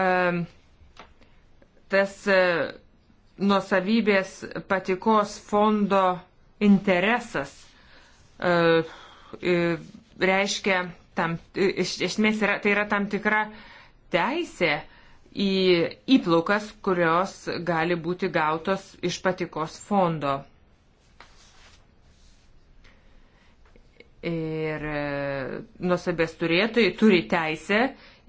Speaker 4: Um, tas uh, nuosavybės patikos fondo interesas e, e reiškia, tam, e, iš esmės yra, tai yra tam tikra teisė į įplaukas, kurios gali būti gautos iš patikos fondo. Ir e, nusabės turėtojai turi teisę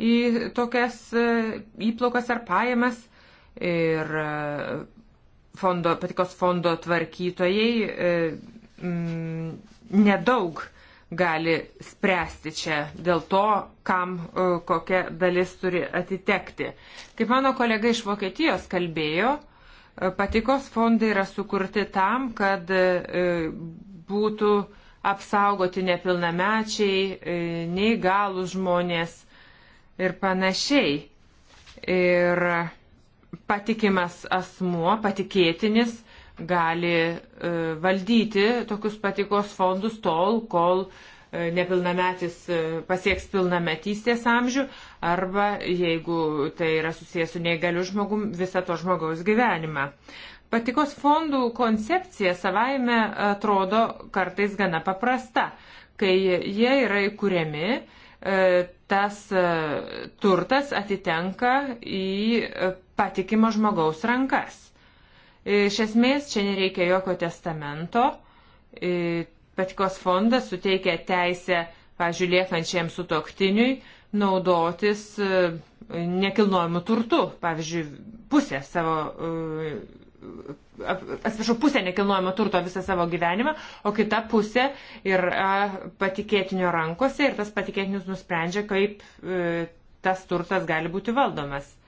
Speaker 4: į tokias įplaukas ar pajamas ir fondo, patikos fondo tvarkytojai e, m, nedaug gali spręsti čia dėl to, kam e, kokia dalis turi atitekti. Kaip mano kolega iš Vokietijos kalbėjo, e, patikos fondai yra sukurti tam, kad e, būtų apsaugoti nepilnamečiai, e, neįgalų žmonės ir panašiai. Ir e, patikimas asmuo, patikėtinis gali e, valdyti tokius patikos fondus tol, kol e, nepilnametis e, pasieks pilnametystės amžių arba jeigu tai yra susijęs su neįgaliu žmogum, visą to žmogaus gyvenimą. Patikos fondų koncepcija savaime atrodo kartais gana paprasta. Kai jie yra įkūriami, tas turtas atitenka į patikimo žmogaus rankas. Iš esmės, čia nereikia jokio testamento. E, patikos fondas suteikia teisę, pavyzdžiui, liekančiam sutoktiniui naudotis e, nekilnojimu turtu, pavyzdžiui, pusę savo e, atsiprašau, pusę nekilnojamo turto visą savo gyvenimą, o kita pusė yra patikėtinio rankose ir tas patikėtinis nusprendžia, kaip tas turtas gali būti valdomas.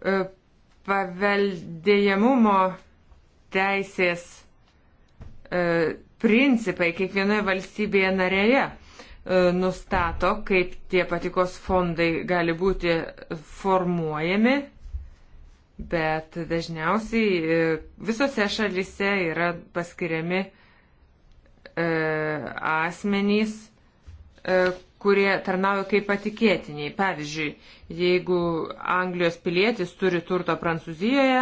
Speaker 4: E, paveldėjamumo teisės e, principai kiekvienoje valstybėje narėje e, nustato, kaip tie patikos fondai gali būti formuojami, bet dažniausiai visose šalise yra paskiriami asmenys, kurie tarnauja kaip patikėtiniai. Pavyzdžiui, jeigu Anglijos pilietis turi turto Prancūzijoje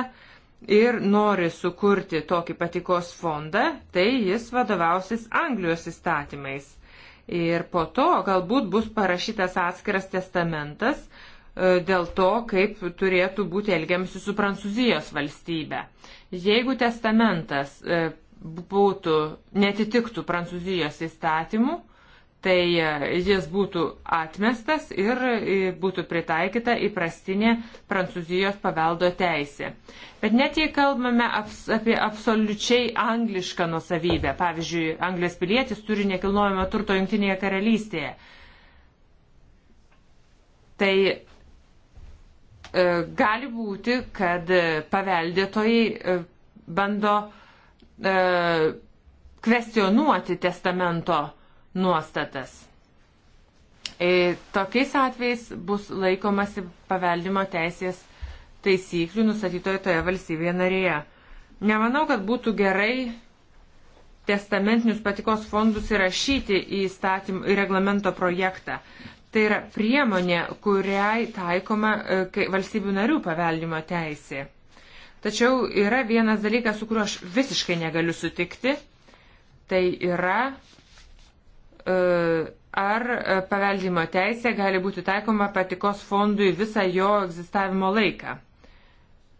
Speaker 4: ir nori sukurti tokį patikos fondą, tai jis vadovausis Anglijos įstatymais. Ir po to galbūt bus parašytas atskiras testamentas e, dėl to, kaip turėtų būti elgiamasi su Prancūzijos valstybe. Jeigu testamentas e, būtų netitiktų Prancūzijos įstatymų, tai e, jis būtų atmestas ir e, būtų pritaikyta įprastinė Prancūzijos paveldo teisė. Bet net jei kalbame aps, apie absoliučiai anglišką nusavybę, pavyzdžiui, Anglijos pilietis turi nekilnojamo turto Junktinėje karalystėje, tai e, gali būti, kad paveldėtojai e, bando e, kvestionuoti testamento nuostatas. E, tokiais atvejais bus laikomasi paveldimo teisės taisyklių nustatytoje toje valstybėje narėje. Nemanau, kad būtų gerai testamentinius patikos fondus įrašyti į, statym, į reglamento projektą. Tai yra priemonė, kuriai taikoma e, valstybių narių paveldimo teisė. Tačiau yra vienas dalykas, su kuriuo aš visiškai negaliu sutikti. Tai yra ar paveldimo teisė gali būti taikoma patikos fondui visą jo egzistavimo laiką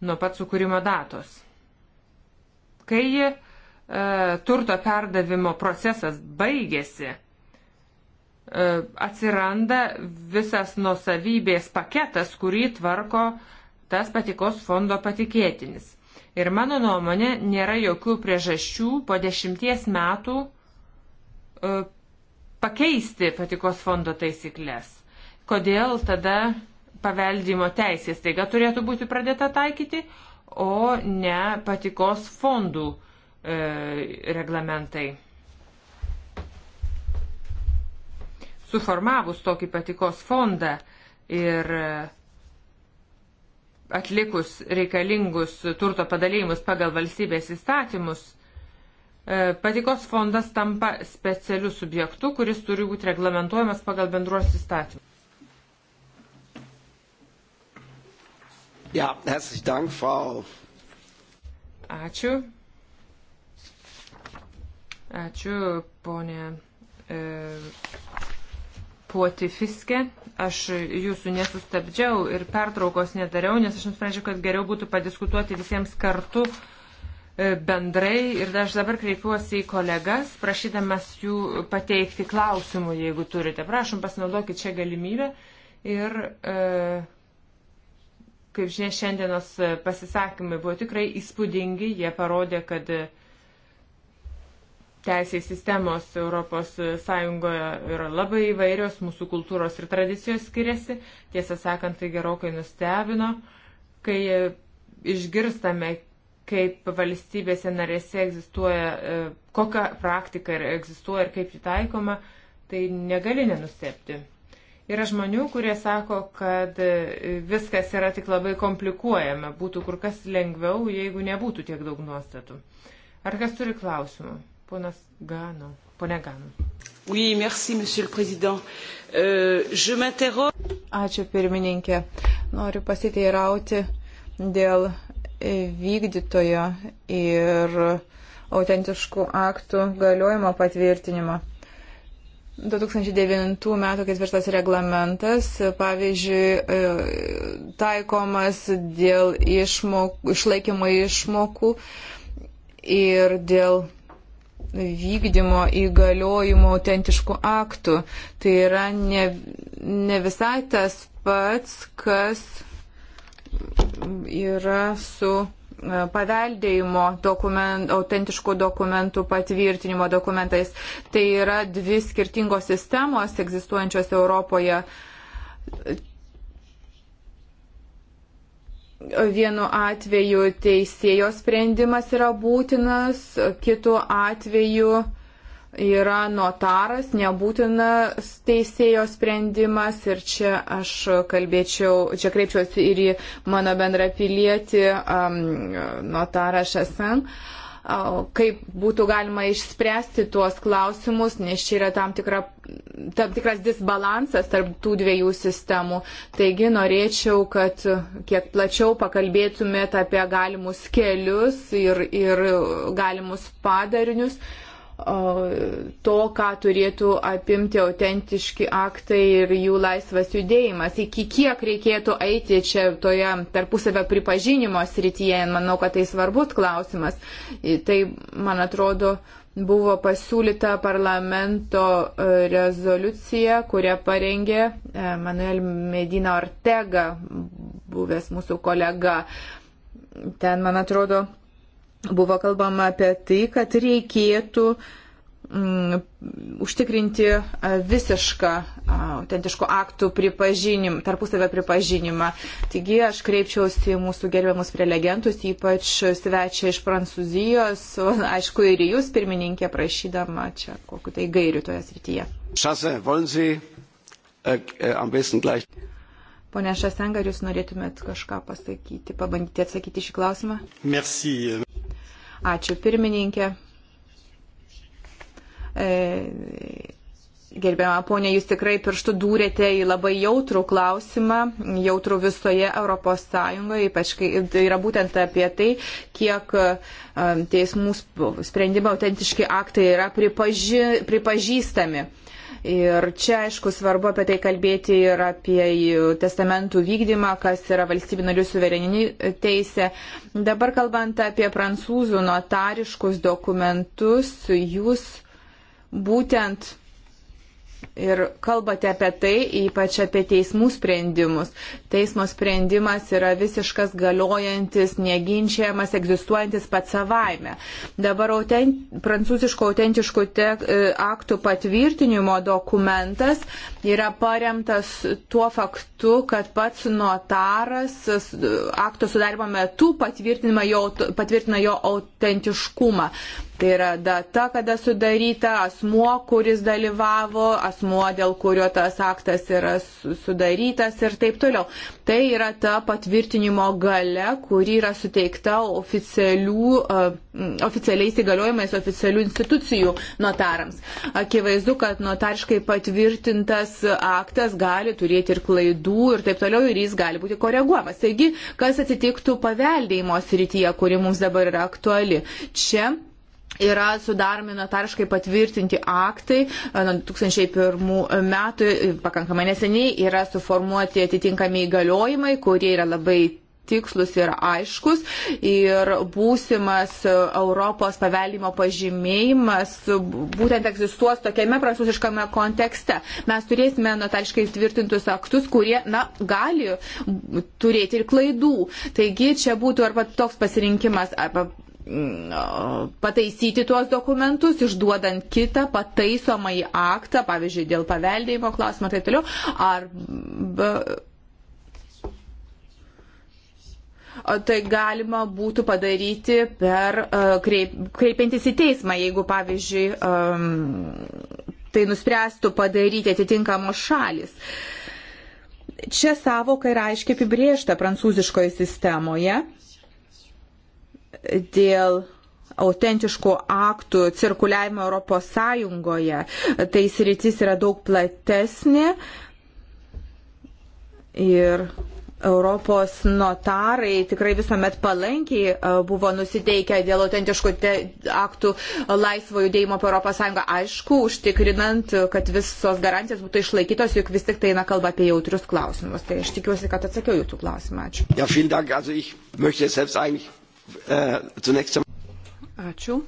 Speaker 4: nuo pat sukūrimo datos. Kai e, turto perdavimo procesas baigėsi, e, atsiranda visas nusavybės paketas, kurį tvarko tas patikos fondo patikėtinis. Ir mano nuomonė, nėra jokių priežasčių po dešimties metų e, pakeisti patikos fondo taisyklės. Kodėl tada paveldimo teisės taiga turėtų būti pradėta taikyti, o ne patikos fondų e, reglamentai. Suformavus tokį patikos fondą ir e, atlikus reikalingus turto padalymus pagal valstybės įstatymus, E, patikos fondas tampa specialiu subjektu, kuris turi būti reglamentuojamas pagal bendruosius įstatymus.
Speaker 2: Ja, herzlichen Dank, Frau.
Speaker 4: Ačiū. Ačiū, ponė e, Puotifiske. Aš jūsų nesustabdžiau ir pertraukos nedariau, nes aš nusprendžiau, kad geriau būtų padiskutuoti visiems kartu E, bendrai ir aš dabar kreipiuosi į kolegas, prašydamas jų pateikti klausimų, jeigu turite. Prašom, pasinaudokit šią galimybę ir, e, kaip žinia, šiandienos pasisakymai buvo tikrai įspūdingi, jie parodė, kad teisės sistemos ES yra labai įvairios, mūsų kultūros ir tradicijos skiriasi, tiesą sakant, tai gerokai nustebino, kai išgirstame, kaip valstybėse narėse egzistuoja, e, kokia praktika egzistuoja ir kaip ji taikoma, tai negali nenustepti. Yra žmonių, kurie sako, kad e, viskas yra tik labai komplikuojama, būtų kur kas lengviau, jeigu nebūtų tiek daug nuostatų. Ar kas turi klausimų? Ponas Gano. Pone Gano. Oui, merci, monsieur le président. Euh, je m'interroge.
Speaker 3: Ačiū pirmininkė. Noriu pasiteirauti dėl vykdytojo ir autentiškų aktų galiojimo patvirtinimo. 2009 m. ketvirtas reglamentas, pavyzdžiui, e, taikomas dėl išmok, išlaikymo išmokų ir dėl vykdymo įgaliojimo autentiškų aktų. Tai yra ne, ne visai tas pats, kas yra su e, paveldėjimo dokument, autentiškų dokumentų patvirtinimo dokumentais. Tai yra dvi skirtingos sistemos egzistuojančios Europoje. Vienu atveju teisėjo sprendimas yra būtinas, kitu atveju uh, yra notaras, nebūtina teisėjo sprendimas ir čia aš kalbėčiau, čia kreipčiausi ir į mano bendrapilietį um, notarą Šasen. Kaip būtų galima išspręsti tuos klausimus, nes čia yra tam, tikra, tam tikras disbalansas tarp tų dviejų sistemų. Taigi norėčiau, kad kiek plačiau pakalbėtumėt apie galimus kelius ir, ir galimus padarinius. Uh, to, ką turėtų apimti autentiški aktai ir jų laisvas judėjimas. Iki kiek reikėtų eiti čia toje tarpusavio pripažinimo srityje, manau, kad tai svarbus klausimas. Tai, man atrodo, buvo pasiūlyta parlamento e, rezoliucija, kurią parengė e, Manuel Medina Ortega, buvęs mūsų kolega. Ten, man atrodo, buvo kalbama apie tai, kad reikėtų mm, užtikrinti visišką autentiškų aktų pripažinim, tarpusavę pripažinimą. Taigi aš kreipčiausi mūsų gerbiamus prelegentus, ypač svečia iš Prancūzijos, aišku, ir jūs, pirmininkė, prašydama čia kokiu tai gairiu toje
Speaker 2: srityje. Šase, Sie, äh, äh, gleich...
Speaker 3: Pone Šasengar, jūs norėtumėt kažką pasakyti, pabandyti atsakyti šį klausimą?
Speaker 2: Merci.
Speaker 3: Ačiū pirmininkė. E, gerbiama ponė, jūs tikrai pirštų dūrėte į labai jautrų klausimą, jautrų visoje Europos Sąjungoje, ypač kai tai yra būtent apie tai, kiek e, teismų sprendimo autentiški aktai yra pripaži, pripažįstami. Uh, Ir čia, aišku, svarbu apie tai kalbėti ir apie testamentų vykdymą, kas yra valstybių narių suverenini teisė. Dabar kalbant apie prancūzų notariškus dokumentus, jūs būtent Ir kalbate apie tai, ypač apie teismų sprendimus. Teismo sprendimas yra visiškas galiojantis, neginčiamas, egzistuojantis pats savaime. Dabar autent, prancūziško autentiškų te, e, aktų patvirtinimo dokumentas yra paremtas tuo faktu, kad pats notaras akto sudarimo metu patvirtina jo, patvirtina jo autentiškumą. Tai yra data, kada sudaryta asmuo, kuris dalyvavo, asmuo, dėl kurio tas aktas yra sudarytas ir taip toliau. Tai yra ta patvirtinimo gale, kuri yra suteikta oficialių, e, oficialiais įgaliojimais oficialių institucijų notarams. Akivaizdu, kad notariškai patvirtintas aktas gali turėti ir klaidų ir taip toliau ir jis gali būti koreguojamas. Taigi, kas atsitiktų paveldėjimo srityje, kuri mums dabar yra aktuali? Čia yra sudaromi notariškai patvirtinti aktai. E, nuo 2001 metų e, pakankamai neseniai yra suformuoti atitinkami įgaliojimai, kurie yra labai tikslus ir aiškus. Ir būsimas Europos paveldimo pažymėjimas būtent egzistuos tokiame prancūziškame kontekste. Mes turėsime notariškai tvirtintus aktus, kurie, na, gali turėti ir klaidų. Taigi čia būtų arba toks pasirinkimas, arba Mm, pataisyti tuos dokumentus, išduodant kitą pataisomąjį aktą, pavyzdžiui, dėl paveldėjimo klausimą ir taip toliau, arba tai galima būtų padaryti per e, kreip, kreipiantis į teismą, jeigu, pavyzdžiui, tai nuspręstų padaryti atitinkamos šalis. Čia savoka yra aiškiai apibriešta prancūziškoje sistemoje dėl autentiškų aktų cirkuliavimo Europos Sąjungoje. Tai sritis yra daug platesnė ir Europos notarai tikrai visuomet palankiai e, buvo nusiteikę dėl autentiškų aktų laisvo judėjimo po Europos Sąjungą. Aišku, užtikrinant, kad visos garantijos būtų išlaikytos, juk vis tik tai eina kalba apie jautrius klausimus. Tai aš tikiuosi, kad atsakiau jūsų
Speaker 2: klausimą. Ačiū. Ja, zunächst uh, einmal. Ačiū.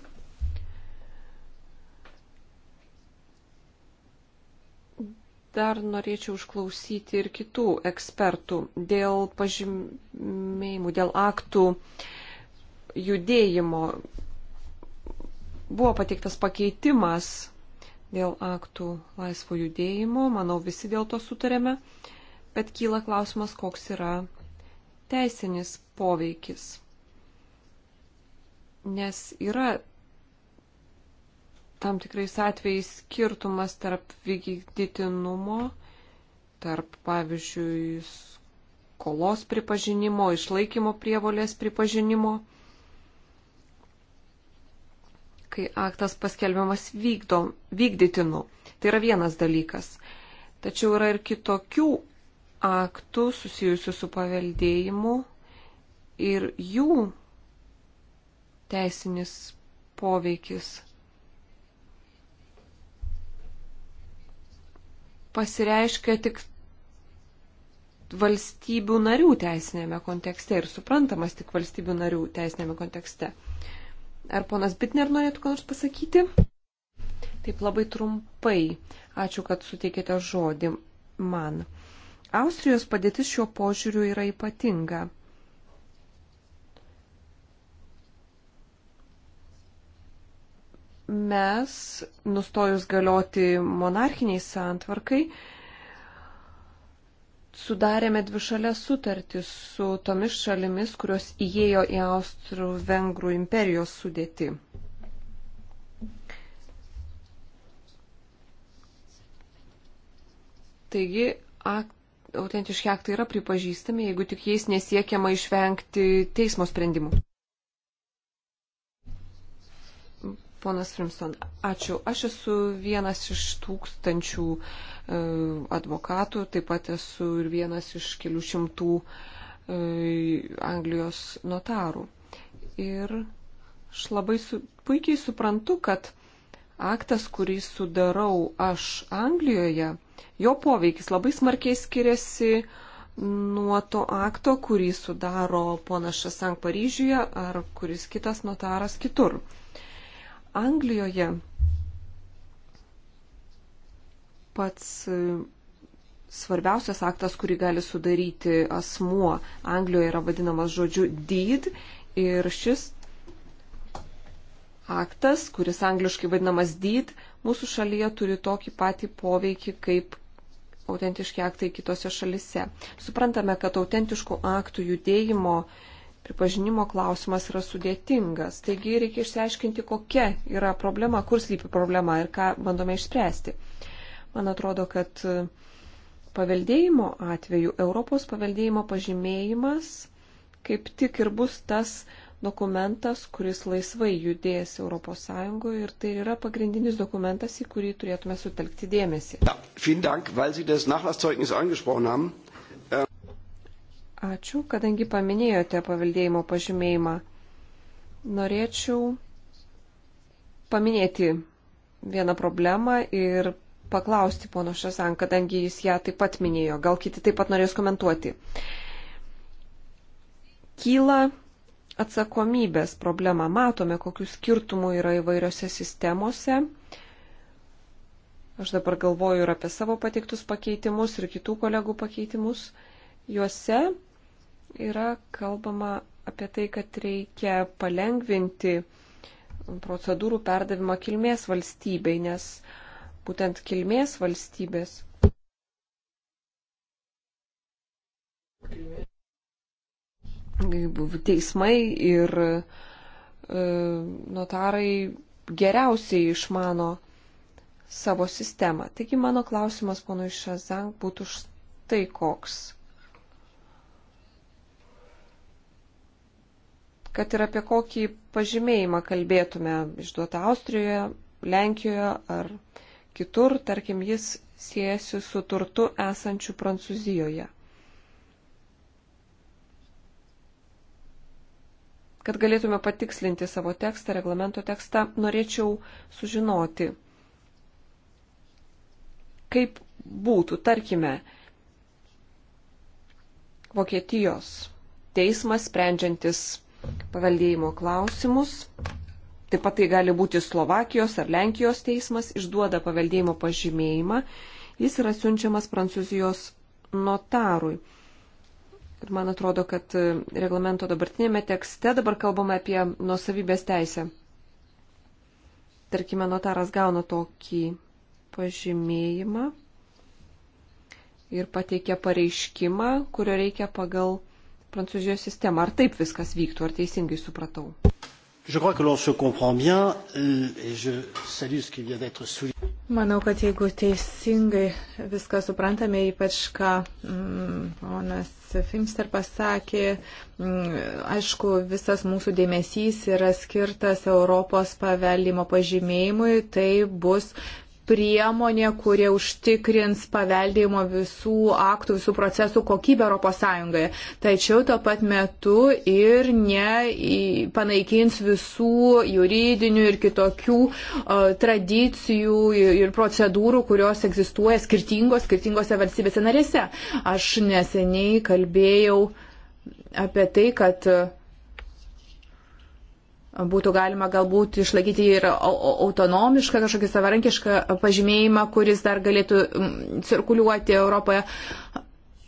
Speaker 1: Dar norėčiau užklausyti ir kitų ekspertų dėl pažymėjimų, dėl aktų judėjimo. Buvo pateiktas pakeitimas dėl aktų laisvo judėjimo, manau visi dėl to sutarėme, bet kyla klausimas, koks yra teisinis poveikis nes yra tam tikrais atvejais skirtumas tarp vykdytinumo, tarp, pavyzdžiui, skolos pripažinimo, išlaikymo prievolės pripažinimo, kai aktas paskelbiamas vykdom, vykdytinu. Tai yra vienas dalykas. Tačiau yra ir kitokių aktų susijusių su paveldėjimu ir jų teisinis poveikis. Pasireiškia tik valstybių narių teisinėme kontekste ir suprantamas tik valstybių narių teisinėme kontekste. Ar ponas Bitner norėtų ką nors pasakyti? Taip labai trumpai. Ačiū, kad suteikėte žodį man. Austrijos padėtis šiuo požiūriu yra ypatinga. mes, nustojus galioti monarchiniai santvarkai, sudarėme dvišalę sutartį su tomis šalimis, kurios įėjo į Austrų-Vengrų imperijos sudėti. Taigi, ak, autentiški aktai yra pripažįstami, jeigu tik jais nesiekiama išvengti teismo sprendimų. Ponas Frimston, ačiū. Aš esu vienas iš tūkstančių e, advokatų, taip pat esu ir vienas iš kelių šimtų e, Anglijos notarų. Ir aš labai su, puikiai suprantu, kad aktas, kurį sudarau aš Anglijoje, jo poveikis labai smarkiai skiriasi nuo to akto, kurį sudaro ponas Šasang Paryžiuje ar kuris kitas notaras kitur. Anglijoje pats e, svarbiausias aktas, kurį gali sudaryti asmuo, Anglijoje yra vadinamas žodžiu deed ir šis aktas, kuris angliškai vadinamas deed, mūsų šalyje turi tokį patį poveikį kaip autentiški aktai kitose šalise. Suprantame, kad autentiškų aktų judėjimo uh, pripažinimo klausimas yra sudėtingas. Taigi reikia išsiaiškinti, kokia yra problema, kur slypi problema ir ką bandome išspręsti. Man atrodo, kad paveldėjimo atveju Europos paveldėjimo pažymėjimas kaip tik ir bus tas dokumentas, kuris laisvai judės ES ir tai yra pagrindinis dokumentas, į kurį turėtume sutelkti dėmesį. Ja, Ačiū, kadangi paminėjote paveldėjimo pažymėjimą. Norėčiau paminėti vieną problemą ir paklausti pono Šazan, kadangi jis ją taip pat minėjo, gal kiti taip pat norės komentuoti. Kyla atsakomybės problema. Matome, kokių skirtumų yra įvairiose sistemose. Aš dabar galvoju ir apie savo pateiktus pakeitimus ir kitų kolegų pakeitimus. Juose yra kalbama apie tai, kad reikia palengvinti procedūrų perdavimą kilmės valstybei, nes būtent kilmės valstybės. Teismai ir e, notarai geriausiai išmano savo sistemą. Taigi mano klausimas, ponui Šazank, būtų štai koks kad ir apie kokį pažymėjimą kalbėtume išduotą Austrijoje, Lenkijoje ar kitur, tarkim, jis siejasi su turtu esančiu Prancūzijoje. Kad galėtume patikslinti savo tekstą, reglamento tekstą, norėčiau sužinoti, kaip būtų, tarkime, Vokietijos teismas sprendžiantis paveldėjimo klausimus. Taip pat tai gali būti Slovakijos ar Lenkijos teismas, išduoda paveldėjimo pažymėjimą. Jis yra siunčiamas Prancūzijos notarui. Ir man atrodo, kad e, reglamento dabartinėme tekste dabar kalbame apie nuosavybės teisę. Tarkime, notaras gauna tokį pažymėjimą ir pateikia pareiškimą, kurio reikia pagal Prancūzijos sistemą. Ar taip viskas vyktų, ar teisingai supratau? Manau, kad jeigu
Speaker 3: teisingai viską suprantame, ypač ką mm, ponas Fimster pasakė, mm, aišku, visas mūsų dėmesys yra skirtas Europos paveldimo pažymėjimui, tai bus priemonė, kurie užtikrins paveldėjimo visų aktų, visų procesų kokybę ES. Tačiau tuo pat metu ir ne panaikins visų juridinių ir kitokių uh, tradicijų ir procedūrų, kurios egzistuoja skirtingos, skirtingose valstybėse narėse. Aš neseniai kalbėjau apie tai, kad uh, būtų galima galbūt išlaikyti ir autonomišką, kažkokį savarankišką pažymėjimą, kuris dar galėtų mm, cirkuliuoti Europoje.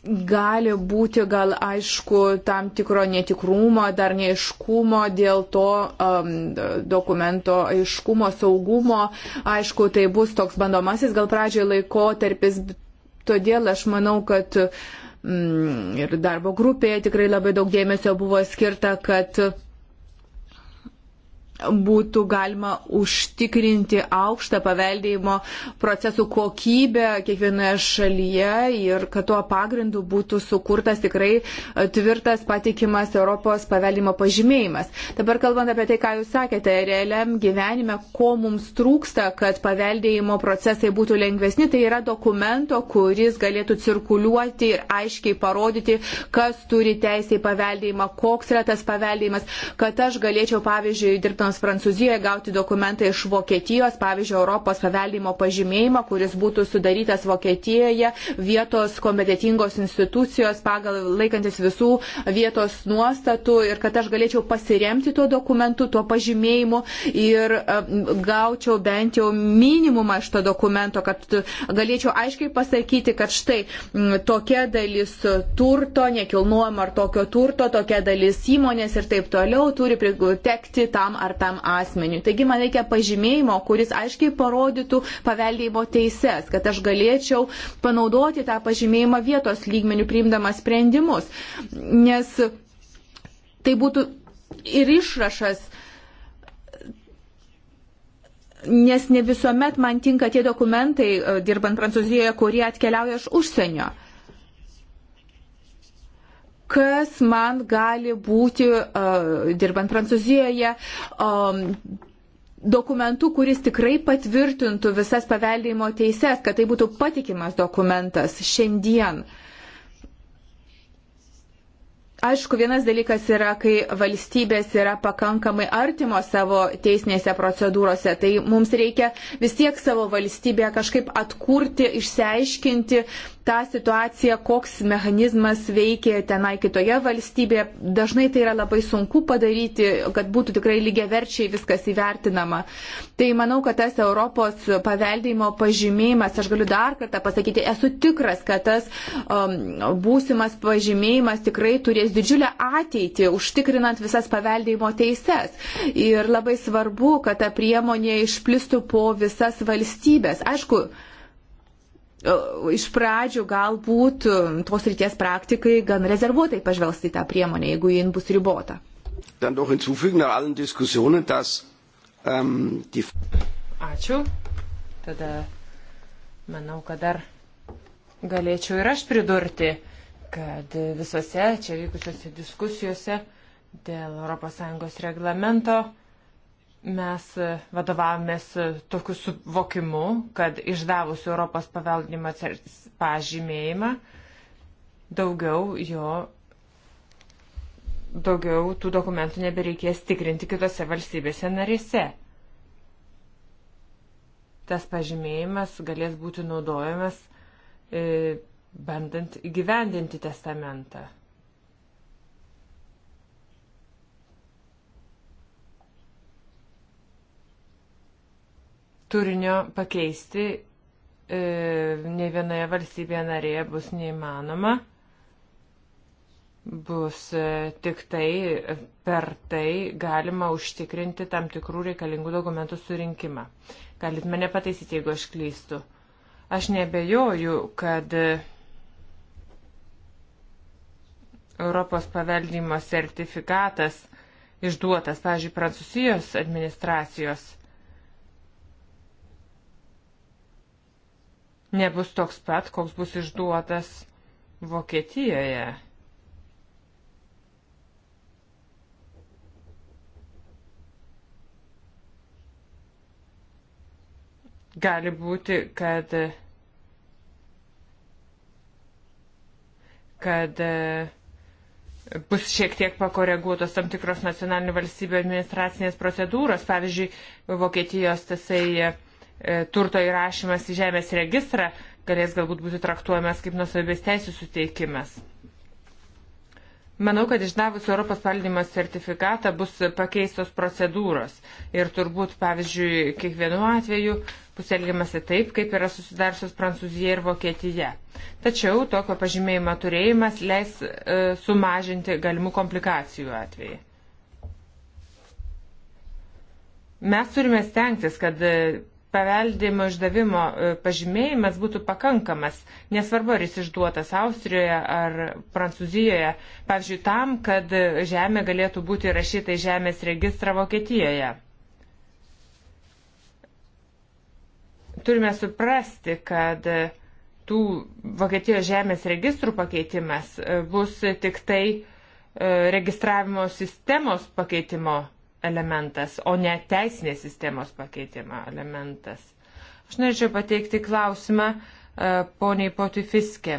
Speaker 3: Gali būti gal aišku tam tikro netikrumo, dar neiškumo dėl to um, dokumento aiškumo, saugumo. Aišku, tai bus toks bandomasis gal pradžioje laikotarpis, todėl aš manau, kad mm, ir darbo grupėje tikrai labai daug dėmesio buvo skirta, kad uh, būtų galima užtikrinti aukštą paveldėjimo procesų kokybę kiekvienoje šalyje ir kad tuo pagrindu būtų sukurtas tikrai tvirtas patikimas Europos paveldėjimo pažymėjimas. Dabar kalbant apie tai, ką Jūs sakėte, realiam gyvenime, ko mums trūksta, kad paveldėjimo procesai būtų lengvesni, tai yra dokumento, kuris galėtų cirkuliuoti ir aiškiai parodyti, kas turi teisę į paveldėjimą, koks yra tas paveldėjimas, kad aš galėčiau, pavyzdžiui, dirbti nors Prancūzijoje gauti dokumentą iš Vokietijos, pavyzdžiui, Europos paveldimo pažymėjimą, kuris būtų sudarytas Vokietijoje vietos kompetitingos institucijos pagal laikantis visų vietos nuostatų ir kad aš galėčiau pasiremti tuo dokumentu, tuo pažymėjimu ir gaučiau bent jau minimumą iš to dokumento, kad galėčiau aiškiai pasakyti, kad štai tokia dalis turto, nekilnojamo ar tokio turto, tokia dalis įmonės ir taip toliau turi tekti tam ar ar tam asmeniu. Taigi man reikia pažymėjimo, kuris aiškiai parodytų paveldėjimo teises, kad aš galėčiau panaudoti tą pažymėjimą vietos lygmenių priimdamas sprendimus. Nes tai būtų ir išrašas nes ne visuomet man tinka tie dokumentai, e, dirbant Prancūzijoje, kurie atkeliauja iš užsienio kas man gali būti, dirbant Prancūzijoje, dokumentu, kuris tikrai patvirtintų visas paveldėjimo teises, kad tai būtų patikimas dokumentas šiandien. Aišku, vienas dalykas yra, kai valstybės yra pakankamai artimo savo teisinėse procedūrose, tai mums reikia vis tiek savo valstybėje kažkaip atkurti, išsiaiškinti tą situaciją, koks mechanizmas veikia tenai kitoje valstybėje. Dažnai tai yra labai sunku padaryti, kad būtų tikrai lygiaverčiai viskas įvertinama. Tai manau, kad tas Europos paveldėjimo pažymėjimas, aš galiu dar kartą pasakyti, esu tikras, kad tas um, būsimas pažymėjimas tikrai turės didžiulę ateitį, užtikrinant visas paveldėjimo teises. Ir labai svarbu, kad ta priemonė išplistų po visas valstybės. Aišku, iš pradžių galbūt um, tos ryties praktikai gan rezervuotai pažvelgs į tą priemonę, jeigu jin bus ribota. Ähm, Ačiū. Tada manau,
Speaker 4: kad dar galėčiau ir aš pridurti, kad visose čia vykusiuose diskusijose dėl ES reglamento mes e, vadovavomės e, tokiu suvokimu, kad išdavus Europos paveldinimo pažymėjimą, daugiau jo, daugiau tų dokumentų nebereikės tikrinti kitose valstybėse narėse. Tas pažymėjimas galės būti naudojamas e, bandant įgyvendinti testamentą. turinio pakeisti e, ne vienoje valstybėje narėje bus neįmanoma. Bus e, tik tai e, per tai galima užtikrinti tam tikrų reikalingų dokumentų surinkimą. Galit mane pataisyti, jeigu aš klystu. Aš nebejoju, kad e, Europos paveldimo sertifikatas išduotas, pažiūrėjau, Prancūzijos administracijos nebus toks pat, koks bus išduotas Vokietijoje. Gali būti, kad, kad e, bus šiek tiek pakoreguotos tam tikros nacionalinių valstybių administracinės procedūros. Pavyzdžiui, Vokietijos tasai e, E, turto įrašymas į žemės registrą galės galbūt būti traktuojamas kaip nusavybės teisų suteikimas. Manau, kad išdavus Europos valdymo sertifikatą bus pakeistos procedūros ir turbūt, pavyzdžiui, kiekvienu atveju bus elgiamasi taip, kaip yra susidarsios Prancūzija ir Vokietija. Tačiau tokio pažymėjimo turėjimas leis e, sumažinti galimų komplikacijų atvejai. Mes turime stengtis, kad e, paveldėjimo išdavimo e, pažymėjimas būtų pakankamas, nesvarbu, ar jis išduotas Austrijoje ar Prancūzijoje, pavyzdžiui, tam, kad žemė galėtų būti įrašyta į žemės registrą Vokietijoje. Turime suprasti, kad e, tų Vokietijos žemės registrų pakeitimas e, bus tik tai registravimo sistemos pakeitimo elementas, o ne teisinės sistemos pakeitimo elementas. Aš norėčiau pateikti klausimą uh, poniai Potifiske.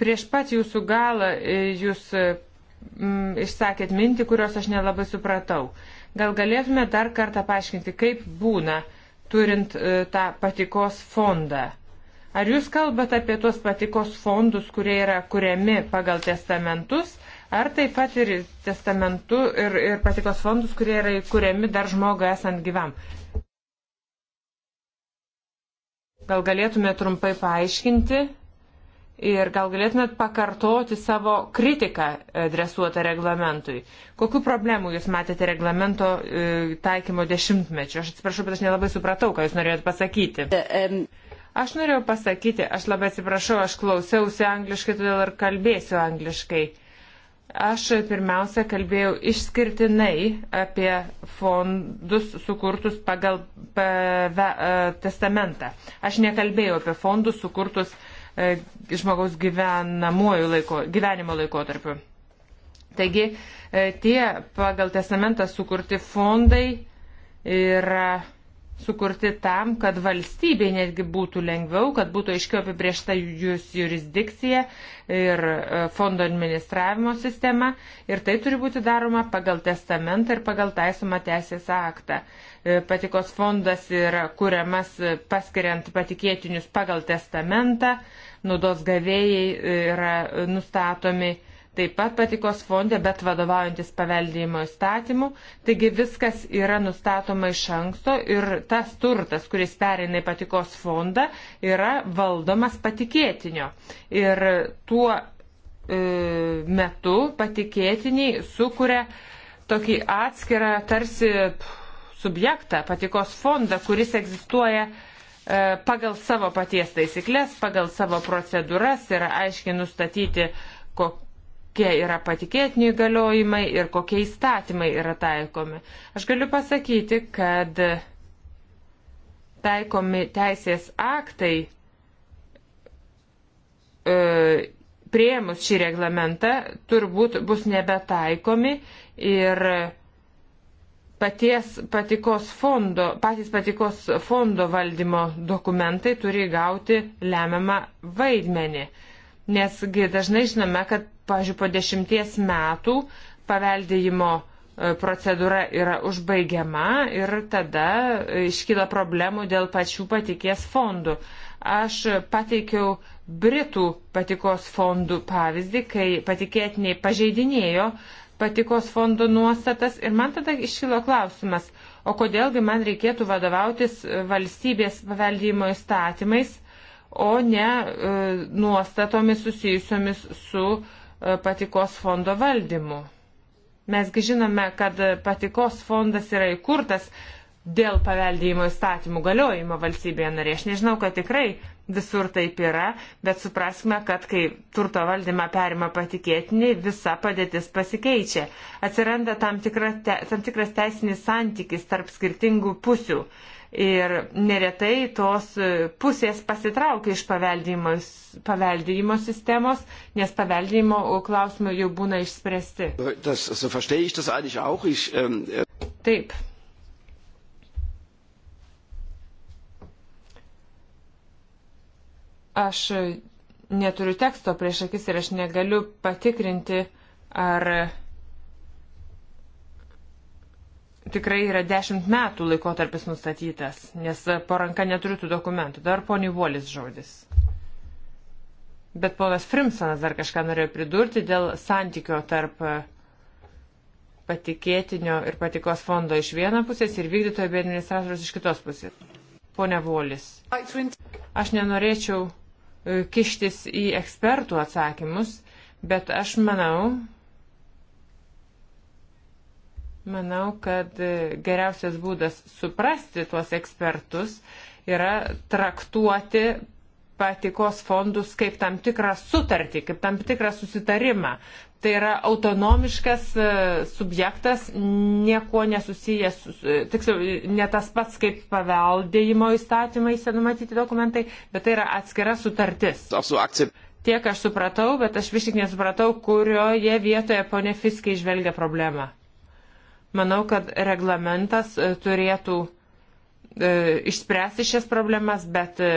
Speaker 4: Prieš pat jūsų galą e, jūs mm, išsakėt mintį, kurios aš nelabai supratau. Gal galėtume dar kartą paaiškinti, kaip būna turint uh, tą patikos fondą? Ar jūs kalbate apie tuos patikos fondus, kurie yra kuriami pagal testamentus, Ar taip pat ir testamentu ir, ir patikos fondus, kurie yra įkūriami dar žmogui esant gyvam? Gal galėtume trumpai paaiškinti ir gal galėtumėt pakartoti savo kritiką adresuotą e, reglamentui. Kokiu problemu jūs matėte reglamento e, taikymo dešimtmečiu? Aš atsiprašau, bet aš nelabai supratau, ką jūs norėjot pasakyti. E, aš norėjau pasakyti, aš labai atsiprašau, aš klausiausi angliškai, todėl ir kalbėsiu angliškai. Aš pirmiausia kalbėjau išskirtinai apie fondus sukurtus pagal pave, testamentą. Aš nekalbėjau apie fondus sukurtus e, žmogaus laiko, gyvenimo laikotarpiu. Taigi e, tie pagal testamentą sukurti fondai yra sukurti tam, kad valstybei netgi būtų lengviau, kad būtų aiškiau apibriešta jūs jurisdikcija ir e, fondo administravimo sistema. Ir tai turi būti daroma pagal testamentą ir pagal taisomą teisės aktą. E, patikos fondas yra kuriamas e, paskiriant patikėtinius pagal testamentą, naudos gavėjai yra nustatomi taip pat patikos fonde, bet vadovaujantis paveldėjimo įstatymu. Taigi viskas yra nustatoma iš anksto ir tas turtas, kuris pereina į patikos fondą, yra valdomas patikėtinio. Ir tuo e, metu patikėtiniai sukuria tokį atskirą tarsi subjektą, patikos fondą, kuris egzistuoja e, pagal savo paties taisyklės, pagal savo procedūras yra aiškiai nustatyti, kok, kokie yra patikėtinių įgaliojimai ir kokie įstatymai yra taikomi. Aš galiu pasakyti, kad taikomi teisės aktai e, prieimus šį reglamentą turbūt bus nebetaikomi ir paties patikos fondo, patys patikos fondo valdymo dokumentai turi gauti lemiamą vaidmenį. Nesgi dažnai žinome, kad pažiūrėjau, po dešimties metų paveldėjimo e, procedūra yra užbaigiama ir tada e, iškyla problemų dėl pačių patikės fondų. Aš pateikiau Britų patikos fondų pavyzdį, kai patikėtiniai pažeidinėjo patikos fondo nuostatas ir man tada iškilo klausimas, o kodėlgi man reikėtų vadovautis valstybės paveldėjimo įstatymais, o ne e, nuostatomis susijusiomis su e, patikos fondo valdymu. Mesgi žinome, kad patikos fondas yra įkurtas dėl paveldėjimo įstatymų galiojimo valstybėje narė. Aš nežinau, kad tikrai visur taip yra, bet suprasme, kad kai turto valdymą perima patikėtiniai, visa padėtis pasikeičia. Atsiranda tam, tikra te, tam tikras teisinis santykis tarp skirtingų pusių. Ir neretai tos pusės pasitraukia iš paveldėjimo sistemos, nes paveldėjimo klausimai jau būna išspręsti.
Speaker 2: Das, so das auch. Ich, ähm, äh,
Speaker 4: Taip. Aš neturiu teksto prieš akis ir aš negaliu patikrinti, ar tikrai yra dešimt metų laikotarpis nustatytas, nes poranka neturiu tų dokumentų. Dar poniai Volis žodis. Bet ponas Frimsonas dar kažką norėjo pridurti dėl santykio tarp patikėtinio ir patikos fondo iš vieną pusės ir vykdytojo bei administratorius iš kitos pusės. Pone Volis, aš nenorėčiau e, kištis į ekspertų atsakymus, bet aš manau, Manau, kad geriausias būdas suprasti tuos ekspertus yra traktuoti patikos fondus kaip tam tikrą sutartį, kaip tam tikrą susitarimą. Tai yra autonomiškas e, subjektas, nieko nesusijęs, e, tiksliau, ne tas pats kaip paveldėjimo įstatymais numatyti dokumentai, bet tai yra atskira sutartis. Tiek aš supratau, bet aš vis tik nesupratau, kurioje vietoje ponė Fiskai išvelgia problemą. Manau, kad reglamentas e, turėtų e, išspręsti šias problemas, bet e,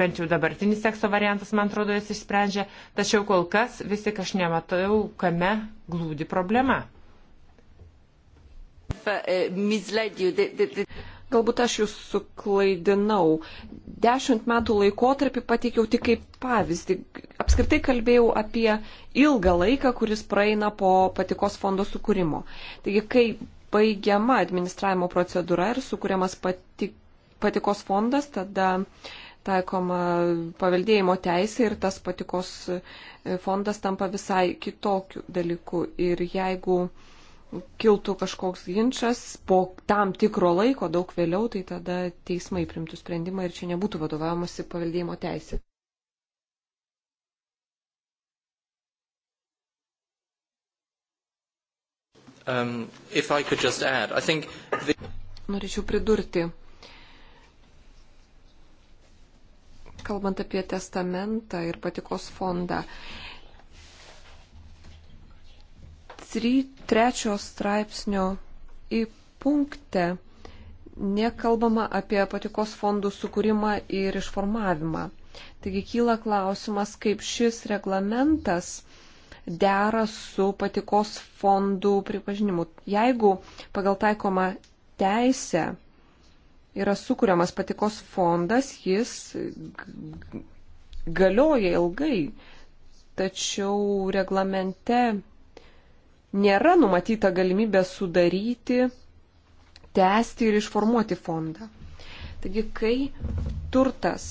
Speaker 4: bent jau dabartinis teksto variantas, man atrodo, jis išsprendžia. Tačiau kol kas vis tik aš nematau, kame glūdi
Speaker 1: problema. But, uh, galbūt aš jūs suklaidinau. Dešimt metų laikotarpį pateikiau tik kaip pavyzdį. Apskritai kalbėjau apie ilgą laiką, kuris praeina po patikos fondo sukūrimo. Taigi, kai baigiama administravimo procedūra ir sukūriamas patik, patikos fondas, tada taikoma paveldėjimo teisė ir tas patikos e, fondas tampa visai kitokiu dalyku. Ir jeigu uh, kiltų kažkoks ginčas po tam tikro laiko, daug vėliau, tai tada teismai primtų sprendimą ir čia nebūtų vadovavimusi paveldėjimo teisė.
Speaker 4: Um, add,
Speaker 1: the... Norėčiau pridurti, kalbant apie testamentą ir patikos fondą, uh, trečio straipsnio į punktę nekalbama apie patikos fondų sukūrimą ir išformavimą. Taigi kyla klausimas, kaip šis reglamentas dera su patikos fondų pripažinimu. Jeigu pagal taikomą teisę yra sukūriamas patikos fondas, jis galioja ilgai, tačiau reglamente nėra numatyta galimybė sudaryti, tęsti ir išformuoti fondą. Taigi, kai turtas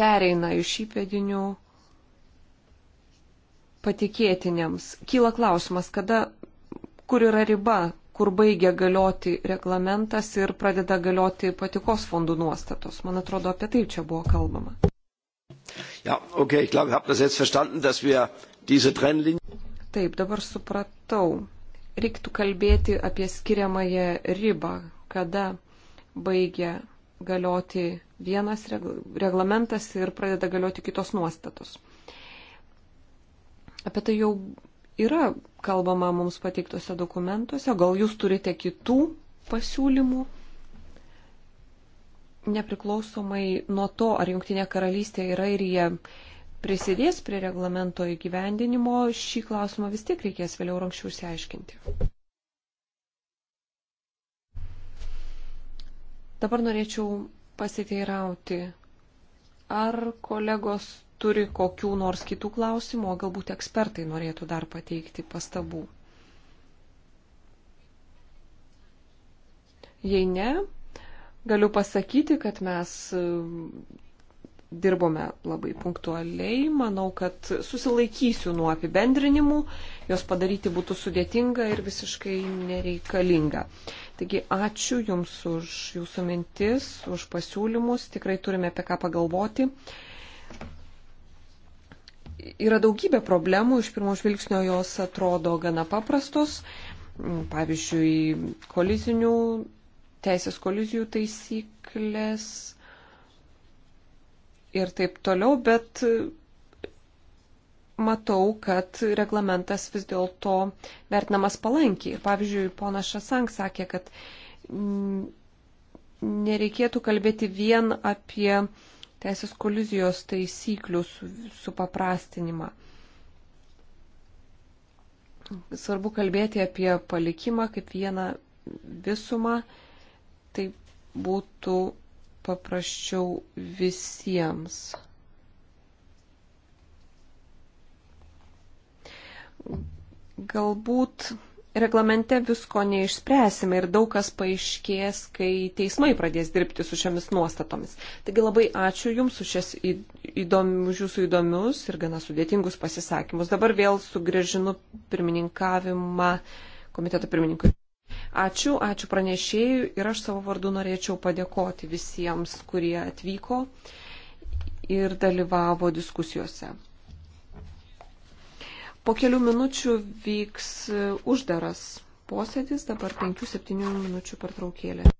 Speaker 1: pereina iš įpėdinių patikėtiniams, kyla klausimas, kada, kur yra riba, kur baigia galioti reglamentas ir pradeda galioti patikos fondų nuostatos. Man atrodo, apie tai čia buvo kalbama.
Speaker 2: Ja, okay, ich glaube, ich habe das jetzt verstanden, dass wir Taip,
Speaker 1: dabar supratau. Reiktų kalbėti apie skiriamąją ribą, kada baigia galioti vienas reglamentas ir pradeda galioti kitos nuostatos. Apie tai jau yra kalbama mums pateiktose dokumentuose, gal jūs turite kitų pasiūlymų, nepriklausomai nuo to, ar Junktinė karalystė yra ir jie prisidės prie reglamento įgyvendinimo, šį klausimą vis tiek reikės vėliau ir anksčiau išsiaiškinti. Dabar norėčiau pasiteirauti, ar kolegos turi kokių nors kitų klausimų, o galbūt ekspertai norėtų dar pateikti pastabų. Jei ne, galiu pasakyti, kad mes dirbome labai punktualiai. Manau, kad susilaikysiu nuo apibendrinimų, jos padaryti būtų sudėtinga ir visiškai nereikalinga. Taigi ačiū Jums už Jūsų mintis, už pasiūlymus, tikrai turime apie ką pagalvoti. Yra daugybė problemų, iš pirmo žvilgsnio jos atrodo gana paprastos, pavyzdžiui, kolizinių, teisės kolizijų taisyklės ir taip toliau, bet matau, kad reglamentas vis dėlto vertinamas palankiai. Pavyzdžiui, ponas Šasank sakė, kad nereikėtų kalbėti vien apie teisės kolizijos taisyklių supaprastinimą. Su Svarbu kalbėti apie palikimą kaip vieną visumą. Tai būtų paprasčiau visiems. Galbūt reglamente visko neišspręsime ir daug kas paaiškės, kai teismai pradės dirbti su šiomis nuostatomis. Taigi labai ačiū Jums už šias įdomius, Jūsų įdomius ir gana sudėtingus pasisakymus. Dabar vėl sugrėžinu pirmininkavimą komiteto pirmininkui. Ačiū, ačiū pranešėjui ir aš savo vardu norėčiau padėkoti visiems, kurie atvyko ir dalyvavo diskusijose. Po kelių minučių vyks uždaras posėdis, dabar 5-7 minučių pertraukėlė.